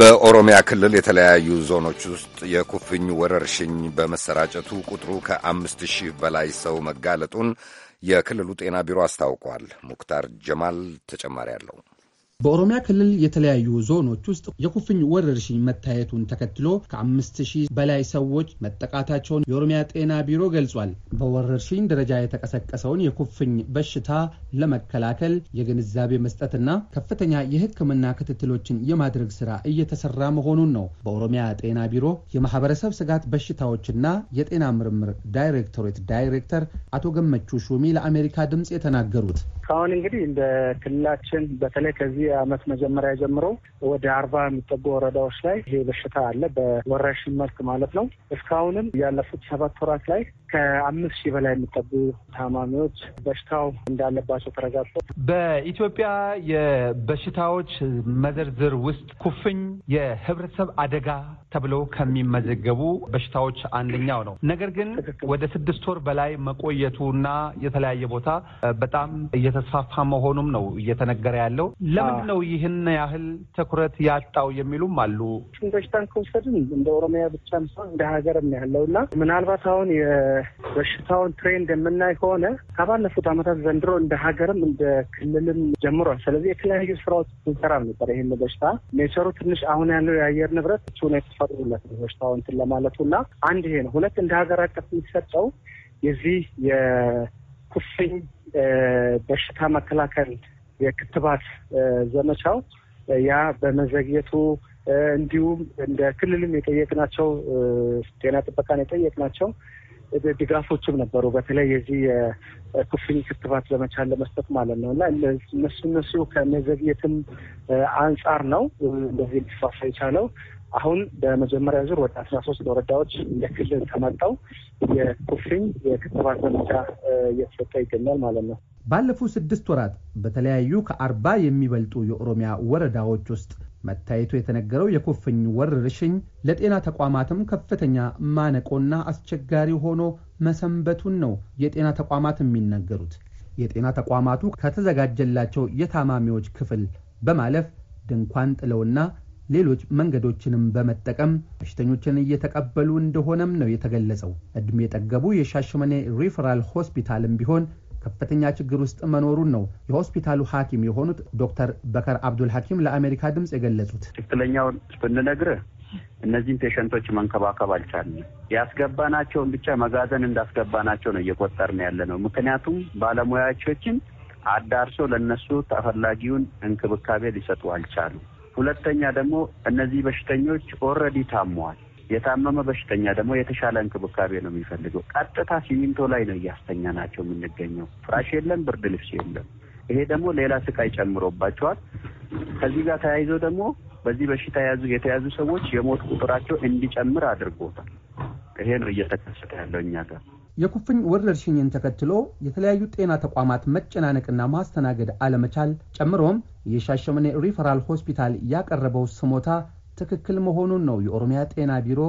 በኦሮሚያ ክልል የተለያዩ ዞኖች ውስጥ የኩፍኝ ወረርሽኝ በመሰራጨቱ ቁጥሩ ከአምስት ሺህ በላይ ሰው መጋለጡን የክልሉ ጤና ቢሮ አስታውቋል። ሙክታር ጀማል ተጨማሪ አለው። በኦሮሚያ ክልል የተለያዩ ዞኖች ውስጥ የኩፍኝ ወረርሽኝ መታየቱን ተከትሎ ከአምስት ሺህ በላይ ሰዎች መጠቃታቸውን የኦሮሚያ ጤና ቢሮ ገልጿል። በወረርሽኝ ደረጃ የተቀሰቀሰውን የኩፍኝ በሽታ ለመከላከል የግንዛቤ መስጠትና ከፍተኛ የሕክምና ክትትሎችን የማድረግ ስራ እየተሰራ መሆኑን ነው በኦሮሚያ ጤና ቢሮ የማህበረሰብ ስጋት በሽታዎችና የጤና ምርምር ዳይሬክቶሬት ዳይሬክተር አቶ ገመቹ ሹሚ ለአሜሪካ ድምፅ የተናገሩት ከአሁን እንግዲህ እንደ ክልላችን በተለይ ከዚህ ዓመት መጀመሪያ ጀምሮ ወደ አርባ የሚጠጉ ወረዳዎች ላይ ይሄ በሽታ አለ በወረርሽኝ መልክ ማለት ነው። እስካሁንም ያለፉት ሰባት ወራት ላይ ከአምስት ሺህ በላይ የሚጠጉ ታማሚዎች በሽታው እንዳለባቸው ተረጋግጦ በኢትዮጵያ የበሽታዎች መዘርዝር ውስጥ ኩፍኝ የህብረተሰብ አደጋ ተብለው ከሚመዘገቡ በሽታዎች አንደኛው ነው። ነገር ግን ወደ ስድስት ወር በላይ መቆየቱና የተለያየ ቦታ በጣም እየተስፋፋ መሆኑም ነው እየተነገረ ያለው። ለምንድን ነው ይህን ያህል ትኩረት ያጣው የሚሉም አሉ። በሽታን ከወሰድን እንደ ኦሮሚያ ብቻ እንደ ሀገርም ያለው እና ምናልባት አሁን በሽታውን ትሬንድ የምናይ ከሆነ ከባለፉት ዓመታት ዘንድሮ እንደ ሀገርም እንደ ክልልም ጀምሯል። ስለዚህ የተለያዩ ስራዎች ስንሰራ ነበር። ይህን በሽታ ኔቸሩ ትንሽ አሁን ያለው የአየር ንብረት እሱን የተፈሩለት በሽታው እንትን ለማለቱ እና አንድ ይሄ ነው። ሁለት እንደ ሀገር አቀፍ የሚሰጠው የዚህ የኩፍኝ በሽታ መከላከል የክትባት ዘመቻው ያ በመዘግየቱ እንዲሁም እንደ ክልልም የጠየቅናቸው ጤና ጥበቃን የጠየቅናቸው ድጋፎችም ነበሩ። በተለይ የዚህ የኩፍኝ ክትባት ዘመቻን ለመስጠት ማለት ነው እና እነሱ እነሱ ከመዘግየትም አንጻር ነው እንደዚህ ሊስፋፋ የቻለው። አሁን በመጀመሪያ ዙር ወደ አስራ ሶስት ወረዳዎች እንደ ክልል ተመጣው የኩፍኝ የክትባት ዘመቻ እየተሰጠ ይገኛል ማለት ነው። ባለፉት ስድስት ወራት በተለያዩ ከአርባ የሚበልጡ የኦሮሚያ ወረዳዎች ውስጥ መታየቱ የተነገረው የኩፍኝ ወረርሽኝ ለጤና ተቋማትም ከፍተኛ ማነቆና አስቸጋሪ ሆኖ መሰንበቱን ነው የጤና ተቋማት የሚናገሩት። የጤና ተቋማቱ ከተዘጋጀላቸው የታማሚዎች ክፍል በማለፍ ድንኳን ጥለውና ሌሎች መንገዶችንም በመጠቀም በሽተኞችን እየተቀበሉ እንደሆነም ነው የተገለጸው። እድሜ የጠገቡ የሻሸመኔ ሪፈራል ሆስፒታልም ቢሆን ከፍተኛ ችግር ውስጥ መኖሩን ነው የሆስፒታሉ ሐኪም የሆኑት ዶክተር በከር አብዱል ሐኪም ለአሜሪካ ድምፅ የገለጹት። ትክክለኛውን ብንነግርህ እነዚህም ፔሸንቶች መንከባከብ አልቻልንም። ያስገባናቸውን ብቻ መጋዘን እንዳስገባናቸው ነው እየቆጠርን ያለ ነው። ምክንያቱም ባለሙያዎችን አዳርሶ ለእነሱ ተፈላጊውን እንክብካቤ ሊሰጡ አልቻሉ። ሁለተኛ ደግሞ እነዚህ በሽተኞች ኦልሬዲ ታመዋል። የታመመ በሽተኛ ደግሞ የተሻለ እንክብካቤ ነው የሚፈልገው። ቀጥታ ሲሚንቶ ላይ ነው እያስተኛ ናቸው የምንገኘው። ፍራሽ የለም፣ ብርድ ልብስ የለም። ይሄ ደግሞ ሌላ ስቃይ ጨምሮባቸዋል። ከዚህ ጋር ተያይዞ ደግሞ በዚህ በሽታ የተያዙ ሰዎች የሞት ቁጥራቸው እንዲጨምር አድርጎታል። ይሄ ነው እየተከሰተ ያለው እኛ ጋር። የኩፍኝ ወረርሽኝን ተከትሎ የተለያዩ ጤና ተቋማት መጨናነቅና ማስተናገድ አለመቻል ጨምሮም የሻሸመኔ ሪፈራል ሆስፒታል ያቀረበው ስሞታ ትክክል መሆኑን ነው የኦሮሚያ ጤና ቢሮ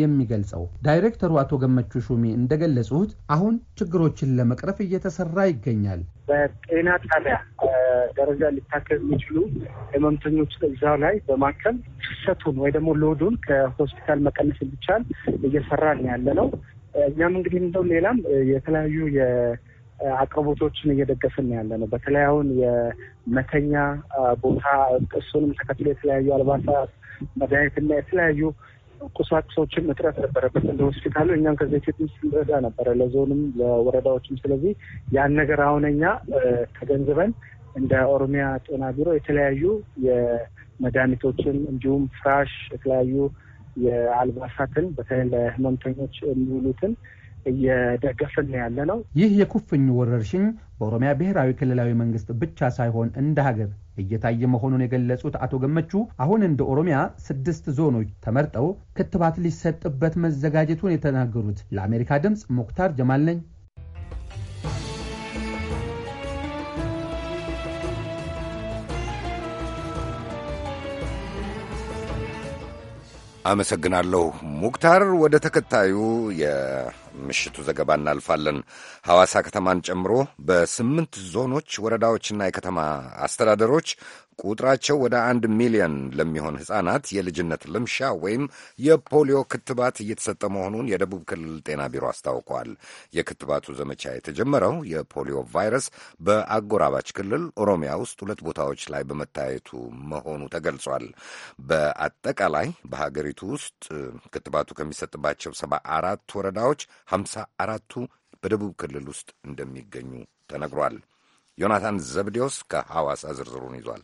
የሚገልጸው። ዳይሬክተሩ አቶ ገመቹ ሹሚ እንደገለጹት አሁን ችግሮችን ለመቅረፍ እየተሰራ ይገኛል። በጤና ጣቢያ ደረጃ ሊታከም የሚችሉ ህመምተኞች እዛው ላይ በማከም ፍሰቱን ወይ ደግሞ ሎዱን ከሆስፒታል መቀነስ እንዲቻል እየሰራ ያለ ነው። እኛም እንግዲህ እንደው ሌላም የተለያዩ አቅርቦቶችን እየደገፍን ያለ ነው። በተለይ አሁን የመተኛ ቦታ እሱንም ተከትሎ የተለያዩ አልባሳት፣ መድኃኒትና የተለያዩ ቁሳቁሶችን እጥረት ነበረበት እንደ ሆስፒታሉ። እኛም ከዚ ፊት ስንረዳ ነበረ ለዞንም ለወረዳዎችም። ስለዚህ ያን ነገር አሁን እኛ ተገንዝበን እንደ ኦሮሚያ ጤና ቢሮ የተለያዩ የመድኃኒቶችን እንዲሁም ፍራሽ የተለያዩ የአልባሳትን በተለይ ለህመምተኞች የሚውሉትን እየደገፍን ያለ ነው። ይህ የኩፍኝ ወረርሽኝ በኦሮሚያ ብሔራዊ ክልላዊ መንግስት ብቻ ሳይሆን እንደ ሀገር እየታየ መሆኑን የገለጹት አቶ ገመቹ አሁን እንደ ኦሮሚያ ስድስት ዞኖች ተመርጠው ክትባት ሊሰጥበት መዘጋጀቱን የተናገሩት ለአሜሪካ ድምፅ ሙክታር ጀማል ነኝ። አመሰግናለሁ ሙክታር። ወደ ተከታዩ ምሽቱ ዘገባ እናልፋለን። ሐዋሳ ከተማን ጨምሮ በስምንት ዞኖች ወረዳዎችና የከተማ አስተዳደሮች ቁጥራቸው ወደ አንድ ሚሊዮን ለሚሆን ሕፃናት የልጅነት ልምሻ ወይም የፖሊዮ ክትባት እየተሰጠ መሆኑን የደቡብ ክልል ጤና ቢሮ አስታውቋል። የክትባቱ ዘመቻ የተጀመረው የፖሊዮ ቫይረስ በአጎራባች ክልል ኦሮሚያ ውስጥ ሁለት ቦታዎች ላይ በመታየቱ መሆኑ ተገልጿል። በአጠቃላይ በሀገሪቱ ውስጥ ክትባቱ ከሚሰጥባቸው ሰባ አራት ወረዳዎች ሀምሳ አራቱ በደቡብ ክልል ውስጥ እንደሚገኙ ተነግሯል። ዮናታን ዘብዴዎስ ከሐዋሳ ዝርዝሩን ይዟል።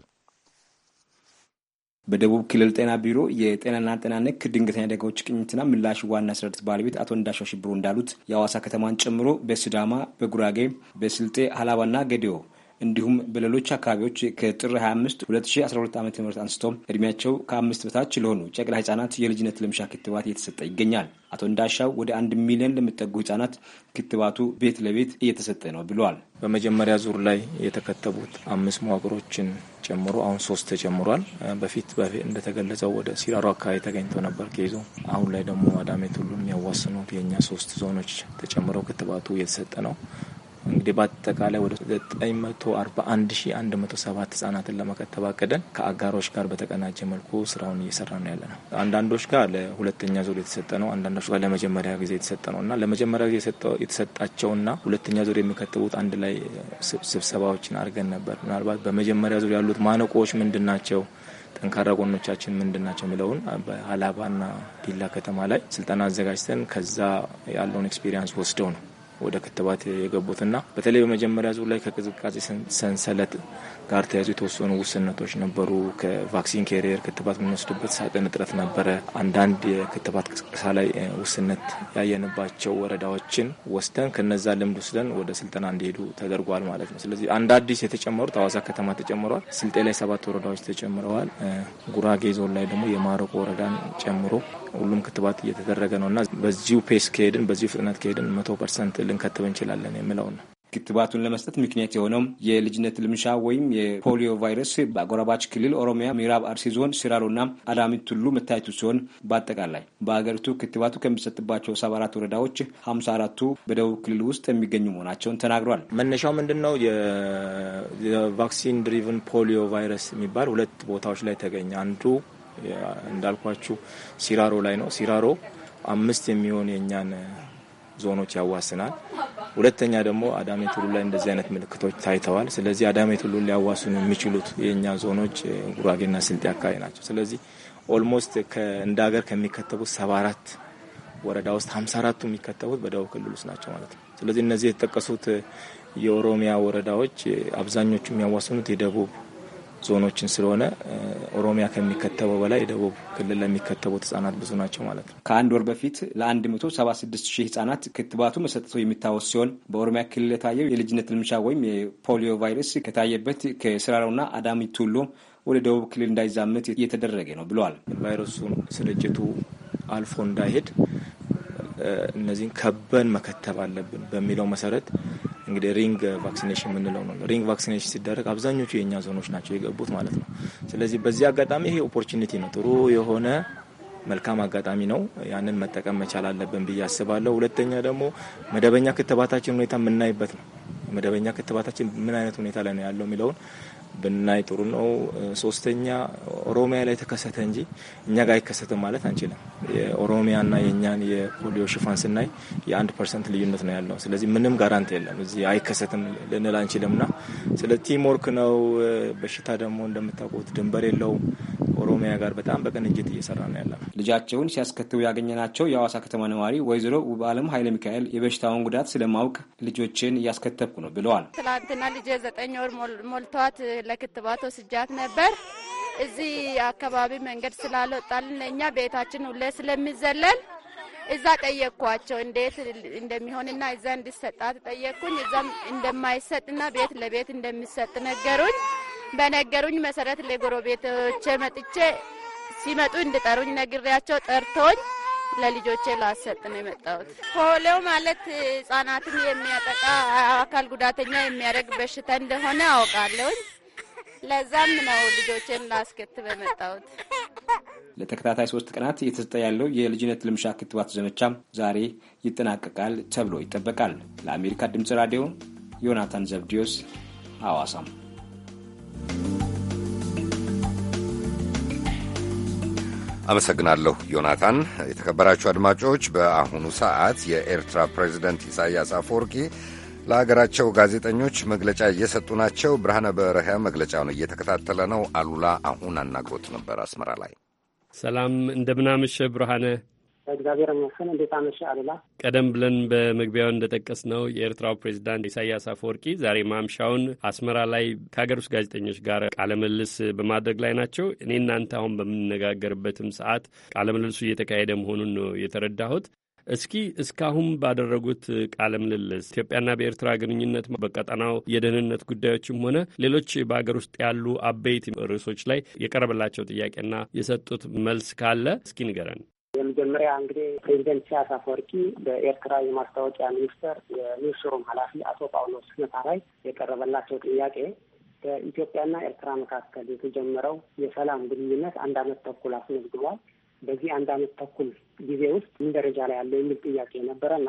በደቡብ ክልል ጤና ቢሮ የጤናና ጤና ነክ ድንገተኛ አደጋዎች ቅኝትና ምላሽ ዋና ስራ ባለቤት አቶ እንዳሻው ሽብሩ እንዳሉት የአዋሳ ከተማን ጨምሮ በስዳማ፣ በጉራጌ፣ በስልጤ፣ ሀላባና ገዲዮ እንዲሁም በሌሎች አካባቢዎች ከጥር 25 2012 ዓ ም አንስቶ እድሜያቸው ከአምስት በታች ለሆኑ ጨቅላ ህጻናት የልጅነት ልምሻ ክትባት እየተሰጠ ይገኛል። አቶ እንዳሻው ወደ አንድ ሚሊዮን ለሚጠጉ ህጻናት ክትባቱ ቤት ለቤት እየተሰጠ ነው ብለዋል። በመጀመሪያ ዙር ላይ የተከተቡት አምስት መዋቅሮችን ጨምሮ አሁን ሶስት ተጨምሯል። በፊት እንደተገለጸው ወደ ሲራሮ አካባቢ ተገኝቶ ነበር ከይዞ አሁን ላይ ደግሞ አዳሜት ሁሉ የሚያዋስኑት የእኛ ሶስት ዞኖች ተጨምረው ክትባቱ እየተሰጠ ነው። እንግዲህ በአጠቃላይ ወደ 941107 ህጻናትን ለመከተብ አቅደን ከአጋሮች ጋር በተቀናጀ መልኩ ስራውን እየሰራ ነው ያለ ነው። አንዳንዶች ጋር ለሁለተኛ ዙር የተሰጠ ነው፣ አንዳንዶች ጋር ለመጀመሪያ ጊዜ የተሰጠ ነው እና ለመጀመሪያ ጊዜ የተሰጣቸውና ሁለተኛ ዙር የሚከትቡት አንድ ላይ ስብሰባዎችን አድርገን ነበር። ምናልባት በመጀመሪያ ዙር ያሉት ማነቆዎች ምንድን ናቸው ጠንካራ ጎኖቻችን ምንድን ናቸው የሚለውን በሀላባና ዲላ ከተማ ላይ ስልጠና አዘጋጅተን ከዛ ያለውን ኤክስፒሪያንስ ወስደው ነው ወደ ክትባት የገቡትና በተለይ በመጀመሪያ ዙር ላይ ከቅዝቃዜ ሰንሰለት ጋር ተያዙ የተወሰኑ ውስንነቶች ነበሩ። ከቫክሲን ኬሪየር ክትባት የምንወስድበት ሳጥን እጥረት ነበረ። አንዳንድ የክትባት ቅስቀሳ ላይ ውስንነት ያየንባቸው ወረዳዎችን ወስደን ከነዛ ልምድ ወስደን ወደ ስልጠና እንዲሄዱ ተደርጓል ማለት ነው። ስለዚህ አንድ አዲስ የተጨመሩት አዋሳ ከተማ ተጨምረዋል። ስልጤ ላይ ሰባት ወረዳዎች ተጨምረዋል። ጉራጌ ዞን ላይ ደግሞ የማረቆ ወረዳን ጨምሮ ሁሉም ክትባት እየተደረገ ነው እና በዚሁ ፔስ ከሄድን፣ በዚሁ ፍጥነት ከሄድን መቶ ፐርሰንት ልንከትብ እንችላለን የሚለው ነው። ክትባቱን ለመስጠት ምክንያት የሆነው የልጅነት ልምሻ ወይም የፖሊዮ ቫይረስ በአጎራባች ክልል ኦሮሚያ ምዕራብ አርሲ ዞን ሲራሮና አዳሚት ቱሉ መታየቱ ሲሆን በአጠቃላይ በሀገሪቱ ክትባቱ ከሚሰጥባቸው ሰባ አራት ወረዳዎች ሀምሳ አራቱ በደቡብ ክልል ውስጥ የሚገኙ መሆናቸውን ተናግሯል። መነሻው ምንድን ነው? የቫክሲን ድሪቭን ፖሊዮ ቫይረስ የሚባል ሁለት ቦታዎች ላይ ተገኘ። አንዱ እንዳልኳችሁ ሲራሮ ላይ ነው። ሲራሮ አምስት የሚሆን የእኛን ዞኖች ያዋስናል። ሁለተኛ ደግሞ አዳሜ ቱሉ ላይ እንደዚህ አይነት ምልክቶች ታይተዋል። ስለዚህ አዳሜ ቱሉ ሊያዋስኑ የሚችሉት የእኛ ዞኖች ጉራጌና ስልጤ አካባቢ ናቸው። ስለዚህ ኦልሞስት እንደ ሀገር ከሚከተቡት ሰባ አራት ወረዳ ውስጥ ሀምሳ አራቱ የሚከተቡት በደቡብ ክልል ውስጥ ናቸው ማለት ነው። ስለዚህ እነዚህ የተጠቀሱት የኦሮሚያ ወረዳዎች አብዛኞቹ የሚያዋስኑት የደቡብ ዞኖችን ስለሆነ ኦሮሚያ ከሚከተበው በላይ ደቡብ ክልል ለሚከተቡት ህጻናት ብዙ ናቸው ማለት ነው። ከአንድ ወር በፊት ለ176 ሺህ ህጻናት ክትባቱ መሰጠቱ የሚታወስ ሲሆን በኦሮሚያ ክልል የታየው የልጅነት ልምሻ ወይም የፖሊዮ ቫይረስ ከታየበት ከስራሮና አዳሚ ቱሉ ወደ ደቡብ ክልል እንዳይዛመት እየተደረገ ነው ብለዋል። ቫይረሱን ስርጭቱ አልፎ እንዳይሄድ እነዚህን ከበን መከተብ አለብን በሚለው መሰረት እንግዲህ ሪንግ ቫክሲኔሽን የምንለው ነው። ሪንግ ቫክሲኔሽን ሲደረግ አብዛኞቹ የእኛ ዞኖች ናቸው የገቡት ማለት ነው። ስለዚህ በዚህ አጋጣሚ ይሄ ኦፖርቹኒቲ ነው፣ ጥሩ የሆነ መልካም አጋጣሚ ነው። ያንን መጠቀም መቻል አለብን ብዬ አስባለሁ። ሁለተኛ ደግሞ መደበኛ ክትባታችን ሁኔታ የምናይበት ነው። መደበኛ ክትባታችን ምን አይነት ሁኔታ ላይ ነው ያለው የሚለውን ብናይ ጥሩ ነው። ሶስተኛ ኦሮሚያ ላይ ተከሰተ እንጂ እኛ ጋር አይከሰትም ማለት አንችልም። የኦሮሚያና የእኛን የፖሊዮ ሽፋን ስናይ የአንድ ፐርሰንት ልዩነት ነው ያለው። ስለዚህ ምንም ጋራንት የለም እዚህ አይከሰትም ልንል አንችልም። ና ስለ ቲም ወርክ ነው። በሽታ ደግሞ እንደምታውቁት ድንበር የለውም። ኦሮሚያ ጋር በጣም በቅንጅት እየሰራ ነው ያለ። ልጃቸውን ሲያስከትቡ ያገኘናቸው የአዋሳ ከተማ ነዋሪ ወይዘሮ ውብ አለም ኃይለ ሚካኤል የበሽታውን ጉዳት ስለማውቅ ልጆችን እያስከተብኩ ነው ብለዋል። ትላንትና ልጄ ዘጠኝ ወር ሞልተዋት ለክትባት ወስጃት ነበር። እዚህ አካባቢ መንገድ ስላልወጣልን ለእኛ ቤታችን ሁሌ ስለሚዘለል እዛ ጠየቅኳቸው እንዴት እንደሚሆንና እዛ እንዲሰጣት ጠየቅኩኝ። እዛም እንደማይሰጥና ቤት ለቤት እንደሚሰጥ ነገሩኝ። በነገሩኝ መሰረት ለጎረቤቶቼ መጥቼ ሲመጡ እንድጠሩኝ ነግሬያቸው ጠርቶኝ ለልጆቼ ላሰጥ ነው የመጣሁት። ፖሊዮ ማለት ህጻናትን የሚያጠቃ አካል ጉዳተኛ የሚያደርግ በሽታ እንደሆነ አውቃለሁኝ። ለዛም ነው ልጆችን ላስከት በመጣሁት። ለተከታታይ ሶስት ቀናት እየተሰጠ ያለው የልጅነት ልምሻ ክትባት ዘመቻ ዛሬ ይጠናቀቃል ተብሎ ይጠበቃል። ለአሜሪካ ድምፅ ራዲዮ ዮናታን ዘብዲዮስ አዋሳም። አመሰግናለሁ ዮናታን። የተከበራችሁ አድማጮች በአሁኑ ሰዓት የኤርትራ ፕሬዚደንት ኢሳያስ አፈወርቂ ለአገራቸው ጋዜጠኞች መግለጫ እየሰጡ ናቸው። ብርሃነ በረሀ መግለጫውን እየተከታተለ ነው። አሉላ አሁን አናግሮት ነበር አስመራ ላይ። ሰላም እንደምናመሸ ብርሃነ። እግዚአብሔር ይመስገን። እንዴት አመሸ አሉላ? ቀደም ብለን በመግቢያው እንደጠቀስ ነው የኤርትራው ፕሬዚዳንት ኢሳያስ አፈወርቂ ዛሬ ማምሻውን አስመራ ላይ ከሀገር ውስጥ ጋዜጠኞች ጋር ቃለምልልስ በማድረግ ላይ ናቸው። እኔ እናንተ አሁን በምንነጋገርበትም ሰዓት ቃለምልልሱ እየተካሄደ መሆኑን ነው የተረዳሁት። እስኪ እስካሁን ባደረጉት ቃለ ምልልስ ኢትዮጵያና በኤርትራ ግንኙነት በቀጠናው የደህንነት ጉዳዮችም ሆነ ሌሎች በሀገር ውስጥ ያሉ አበይት ርዕሶች ላይ የቀረበላቸው ጥያቄና የሰጡት መልስ ካለ እስኪ ንገረን። የመጀመሪያ እንግዲህ ፕሬዚደንት ኢሳያስ አፈወርቂ በኤርትራ የማስታወቂያ ሚኒስቴር የሚኒስትሩም ኃላፊ አቶ ጳውሎስ ነታ ላይ የቀረበላቸው ጥያቄ በኢትዮጵያና ኤርትራ መካከል የተጀመረው የሰላም ግንኙነት አንድ ዓመት ተኩል አስመዝግቧል። በዚህ አንድ አመት ተኩል ጊዜ ውስጥ ምን ደረጃ ላይ ያለው የሚል ጥያቄ ነበረና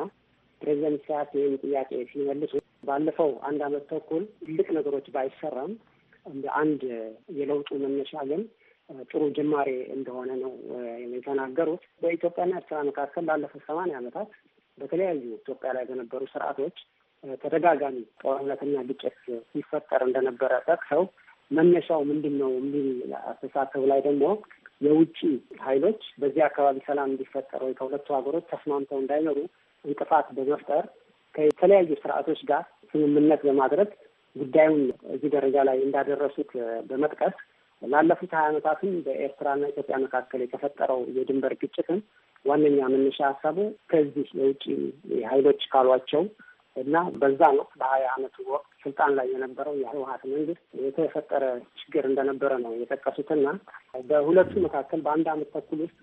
ፕሬዚደንት ሲያስ ይህን ጥያቄ ሲመልሱ ባለፈው አንድ አመት ተኩል ትልቅ ነገሮች ባይሰራም እንደ አንድ የለውጡ መነሻ ግን ጥሩ ጅማሬ እንደሆነ ነው የተናገሩት። በኢትዮጵያና ኤርትራ መካከል ላለፉት ሰማንያ ዓመታት በተለያዩ ኢትዮጵያ ላይ በነበሩ ስርዓቶች ተደጋጋሚ ጦርነትና ግጭት ሲፈጠር እንደነበረ ጠቅሰው መነሻው ምንድን ነው የሚል አስተሳሰብ ላይ ደግሞ የውጭ ኃይሎች በዚህ አካባቢ ሰላም እንዲፈጠር ወይ ከሁለቱ ሀገሮች ተስማምተው እንዳይኖሩ እንቅፋት በመፍጠር ከተለያዩ ስርዓቶች ጋር ስምምነት በማድረግ ጉዳዩን እዚህ ደረጃ ላይ እንዳደረሱት በመጥቀስ ላለፉት ሀያ ዓመታትም በኤርትራና ኢትዮጵያ መካከል የተፈጠረው የድንበር ግጭትን ዋነኛ መነሻ ሀሳቡ ከዚህ የውጭ ኃይሎች ካሏቸው እና በዛ ወቅት በሀያ አመቱ ወቅት ስልጣን ላይ የነበረው የህወሀት መንግስት የተፈጠረ ችግር እንደነበረ ነው የጠቀሱትና በሁለቱ መካከል በአንድ አመት ተኩል ውስጥ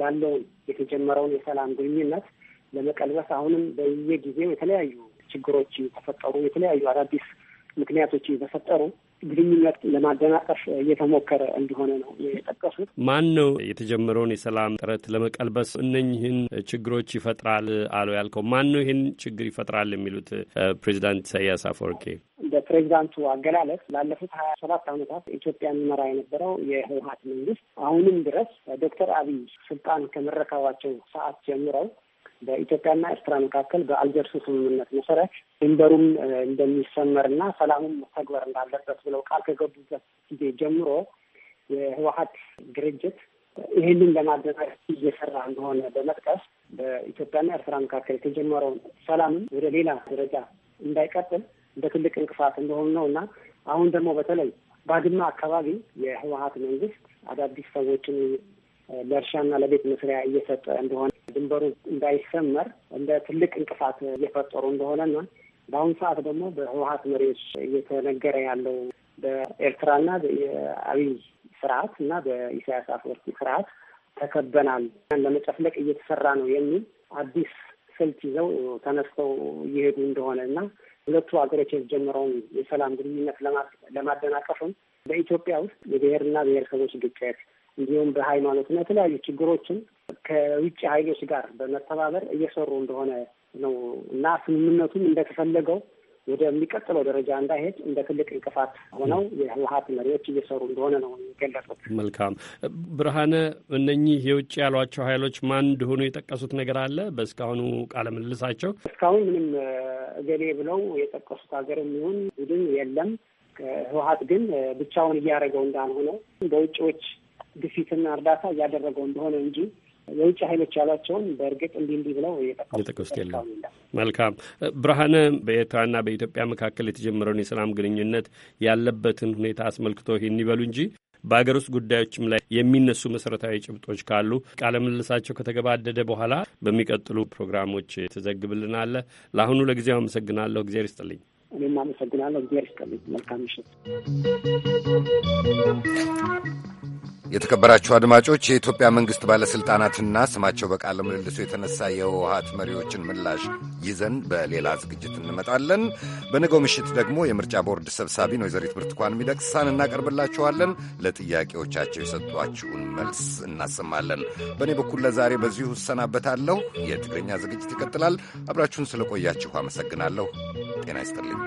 ያለውን የተጀመረውን የሰላም ግንኙነት ለመቀልበስ አሁንም በየጊዜው የተለያዩ ችግሮች እየተፈጠሩ የተለያዩ አዳዲስ ምክንያቶች እየተፈጠሩ ግንኙነት ለማደናቀፍ እየተሞከረ እንደሆነ ነው የጠቀሱት። ማን ነው የተጀመረውን የሰላም ጥረት ለመቀልበስ እነኝህን ችግሮች ይፈጥራል አሉ ያልከው ማን ነው? ይህን ችግር ይፈጥራል የሚሉት ፕሬዚዳንት ኢሳያስ አፈወርቄ በፕሬዚዳንቱ አገላለጽ ላለፉት ሀያ ሰባት ዓመታት ኢትዮጵያን ይመራ የነበረው የህወሀት መንግስት አሁንም ድረስ ዶክተር አብይ ስልጣን ከመረከባቸው ሰዓት ጀምረው በኢትዮጵያና ኤርትራ መካከል በአልጀርሱ ስምምነት መሰረት ድንበሩም እንደሚሰመርና ሰላሙም መተግበር እንዳለበት ብለው ቃል ከገቡበት ጊዜ ጀምሮ የህወሀት ድርጅት ይህንን ለማደናቀፍ እየሰራ እንደሆነ በመጥቀስ በኢትዮጵያና ኤርትራ መካከል የተጀመረውን ሰላምም ወደ ሌላ ደረጃ እንዳይቀጥል እንደ ትልቅ እንቅፋት እንደሆኑ ነው እና አሁን ደግሞ በተለይ ባድማ አካባቢ የህወሀት መንግስት አዳዲስ ሰዎችን ለእርሻና ለቤት መስሪያ እየሰጠ እንደሆነ ድንበሩ እንዳይሰመር እንደ ትልቅ እንቅፋት እየፈጠሩ እንደሆነና በአሁኑ ሰዓት ደግሞ በህወሀት መሪዎች እየተነገረ ያለው በኤርትራና የአብይ ስርዓት እና በኢሳያስ አፈወርቂ ስርዓት ተከበናል፣ ለመጨፍለቅ እየተሰራ ነው የሚል አዲስ ስልት ይዘው ተነስተው እየሄዱ እንደሆነ እና ሁለቱ ሀገሮች የተጀመረውን የሰላም ግንኙነት ለማደናቀፍም በኢትዮጵያ ውስጥ የብሔርና ብሔረሰቦች ግጭት እንዲሁም በሃይማኖትና የተለያዩ ችግሮችን ከውጭ ኃይሎች ጋር በመተባበር እየሰሩ እንደሆነ ነው እና ስምምነቱም እንደተፈለገው ወደሚቀጥለው ደረጃ እንዳይሄድ እንደ ትልቅ እንቅፋት ሆነው የህወሀት መሪዎች እየሰሩ እንደሆነ ነው የገለጹት። መልካም ብርሃነ፣ እነኚህ የውጭ ያሏቸው ኃይሎች ማን እንደሆኑ የጠቀሱት ነገር አለ? በእስካሁኑ ቃለ ምልልሳቸው እስካሁን ምንም እገሌ ብለው የጠቀሱት ሀገር የሚሆን ቡድን የለም። ህወሀት ግን ብቻውን እያደረገው እንዳልሆነ በውጭዎች ግፊትና እርዳታ እያደረገው እንደሆነ እንጂ የውጭ ኃይሎች ያሏቸውን በእርግጥ እንዲህ እንዲህ ብለው የጠቀሱት የለም። መልካም ብርሃነ፣ በኤርትራና በኢትዮጵያ መካከል የተጀመረውን የሰላም ግንኙነት ያለበትን ሁኔታ አስመልክቶ ይህን ይበሉ እንጂ በሀገር ውስጥ ጉዳዮችም ላይ የሚነሱ መሰረታዊ ጭብጦች ካሉ ቃለ ምልልሳቸው ከተገባደደ በኋላ በሚቀጥሉ ፕሮግራሞች ትዘግብልናለህ። ለአሁኑ ለጊዜው አመሰግናለሁ። እግዜር ይስጥልኝ። እኔም አመሰግናለሁ። እግዜር ይስጥልኝ። መልካም ምሽት። የተከበራችሁ አድማጮች የኢትዮጵያ መንግሥት ባለሥልጣናትና ስማቸው በቃለ ምልልሱ የተነሳ የህወሀት መሪዎችን ምላሽ ይዘን በሌላ ዝግጅት እንመጣለን። በነገው ምሽት ደግሞ የምርጫ ቦርድ ሰብሳቢ ወይዘሪት ብርቱካን ሚደቅሳን እናቀርብላችኋለን። ለጥያቄዎቻቸው የሰጧችሁን መልስ እናሰማለን። በእኔ በኩል ለዛሬ በዚሁ እሰናበታለሁ። የትግርኛ ዝግጅት ይቀጥላል። አብራችሁን ቆያችሁ አመሰግናለሁ። ጤና ይስጥልኝ።